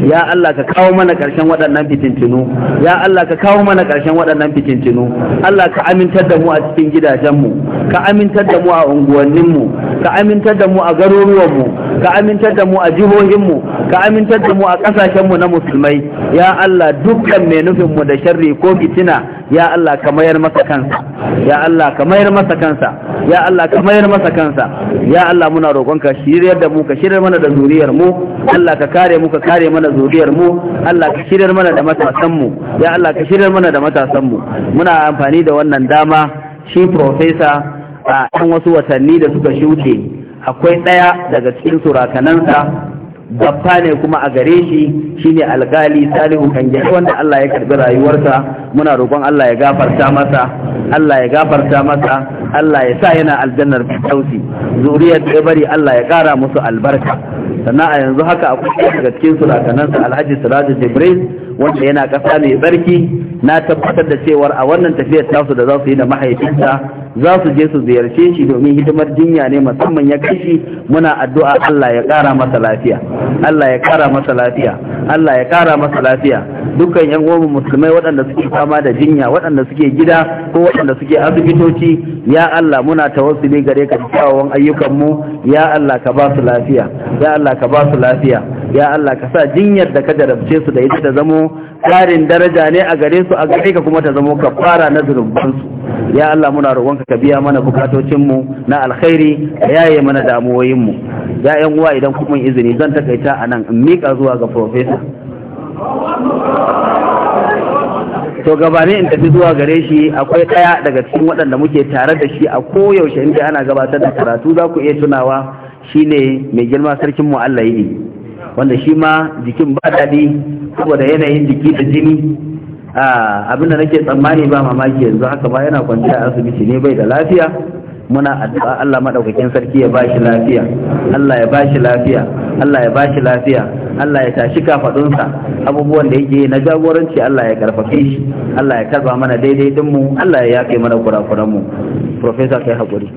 ya Allah ka kawo mana karshen waɗannan fitintinu ya Allah ka kawo mana karshen waɗannan fitintinu Allah ka amintar da mu a cikin gidajenmu ka amintar da mu a unguwanninmu ka amintar da mu a garuruwanmu ka amintar da mu a jihohinmu ka amintar da mu a ƙasashenmu na musulmai ya Allah dukkan mai nufinmu da sharri ko fitina ya Allah ka mayar masa kansa ya Allah ka mayar masa kansa ya Allah ka mayar masa kansa ya Allah muna roƙonka shiryar da mu ka shiryar mana da zuriyar mu Allah ka kare mu ka kare mana zuriyar mu Allah ka shiryar mana da matasan mu ya Allah ka shiryar mana da matasan mu muna amfani da wannan dama shi professor a ɗan wasu watanni da suka shuke akwai ɗaya daga cikin surakanansa babba ne kuma a gare shi shine alkali salihu kange wanda Allah ya karɓi rayuwarsa muna roƙon Allah ya gafarta masa Allah ya gafarta masa Allah ya sa yana aljannar Fitausi. zuriyar da bari Allah ya ƙara musu albarka sannan a yanzu haka akwai daga cikin sulakanansa Alhaji Siraju Jibril wanda yana ƙasa mai barki na tabbatar da cewar a wannan tafiyar tasu da za su yi da mahaifinsa za su je su ziyarce shi domin hidimar jinya ne musamman ya kai shi muna addu'a Allah ya ƙara masa lafiya Allah ya ƙara masa lafiya Allah ya ƙara masa lafiya dukkan yan uwan musulmai waɗanda suke fama da jinya waɗanda suke gida ko waɗanda suke asibitoci ya Allah muna tawassuli gare ka kyawawan ayyukan mu ya Allah ka ba su lafiya ya Allah ka ba su lafiya ya Allah ka sa jinyar da ka jarabce su da ita ta zamo karin daraja ne a gare su a gare ka kuma ta zamo kafara na zunubansu ya Allah muna roƙon suka ka biya mana bukatocinmu na alkhairi a yaye mana damuwoyinmu ya yan uwa idan kuma izini zan takaita a nan in miƙa zuwa ga profesa to gabanin in tafi zuwa gare shi akwai ɗaya daga cikin waɗanda muke tare da shi a koyaushe inda ana gabatar da karatu za ku iya tunawa shine mai girma sarkin mu'allayi wanda shi ma jikin ba daɗi saboda yanayin jiki da jini abin da nake tsammani ba mamaki yanzu haka ba yana kwanciya a asibiti ne bai da lafiya muna addu'a Allah madaukakin sarki ya bashi lafiya Allah ya bashi lafiya Allah ya bashi lafiya Allah ya tashi sa abubuwan da yake na jagoranci Allah ya karfafe shi Allah ya karba mana daidai din mu Allah ya yake mana kurakuran mu professor kai hakuri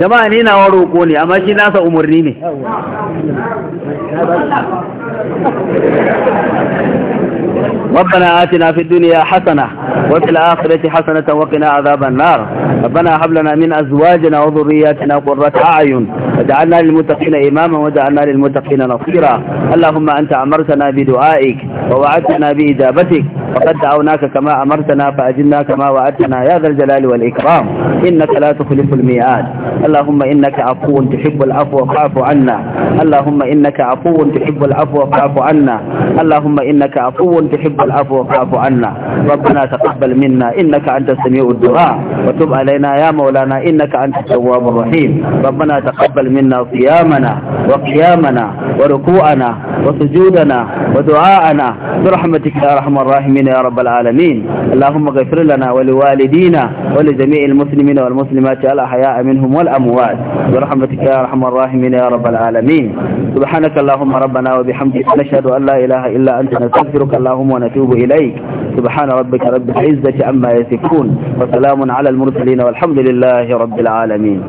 jama'a ni nawa roƙo ne amma shi nasa umarni ne ربنا آتنا في الدنيا حسنة وفي الآخرة حسنة وقنا عذاب النار ربنا هب لنا من أزواجنا وذرياتنا قرة أعين وجعلنا للمتقين إماما وجعلنا للمتقين نصيرا اللهم أنت أمرتنا بدعائك ووعدتنا بإجابتك وقد دعوناك كما أمرتنا فأجلنا كما وعدتنا يا ذا الجلال والإكرام إنك لا تخلف الميعاد اللهم إنك عفو تحب العفو فاعف عنا اللهم إنك عفو تحب العفو فاعف عنا اللهم إنك عفو تحب العفو واعف عنا ربنا تقبل منا إنك أنت السميع الدعاء وتب علينا يا مولانا إنك أنت التواب الرحيم ربنا تقبل منا صيامنا وقيامنا وركوعنا وسجودنا ودعاءنا برحمتك يا أرحم الراحمين يا رب العالمين اللهم اغفر لنا ولوالدينا ولجميع المسلمين والمسلمات الأحياء منهم والأموات برحمتك يا أرحم الراحمين يا رب العالمين سبحانك اللهم ربنا وبحمدك نشهد أن لا إله إلا أنت نستغفرك اللهم ونستغفرك وأتوب إليك سبحان ربك رب العزة عما يصفون وسلام على المرسلين والحمد لله رب العالمين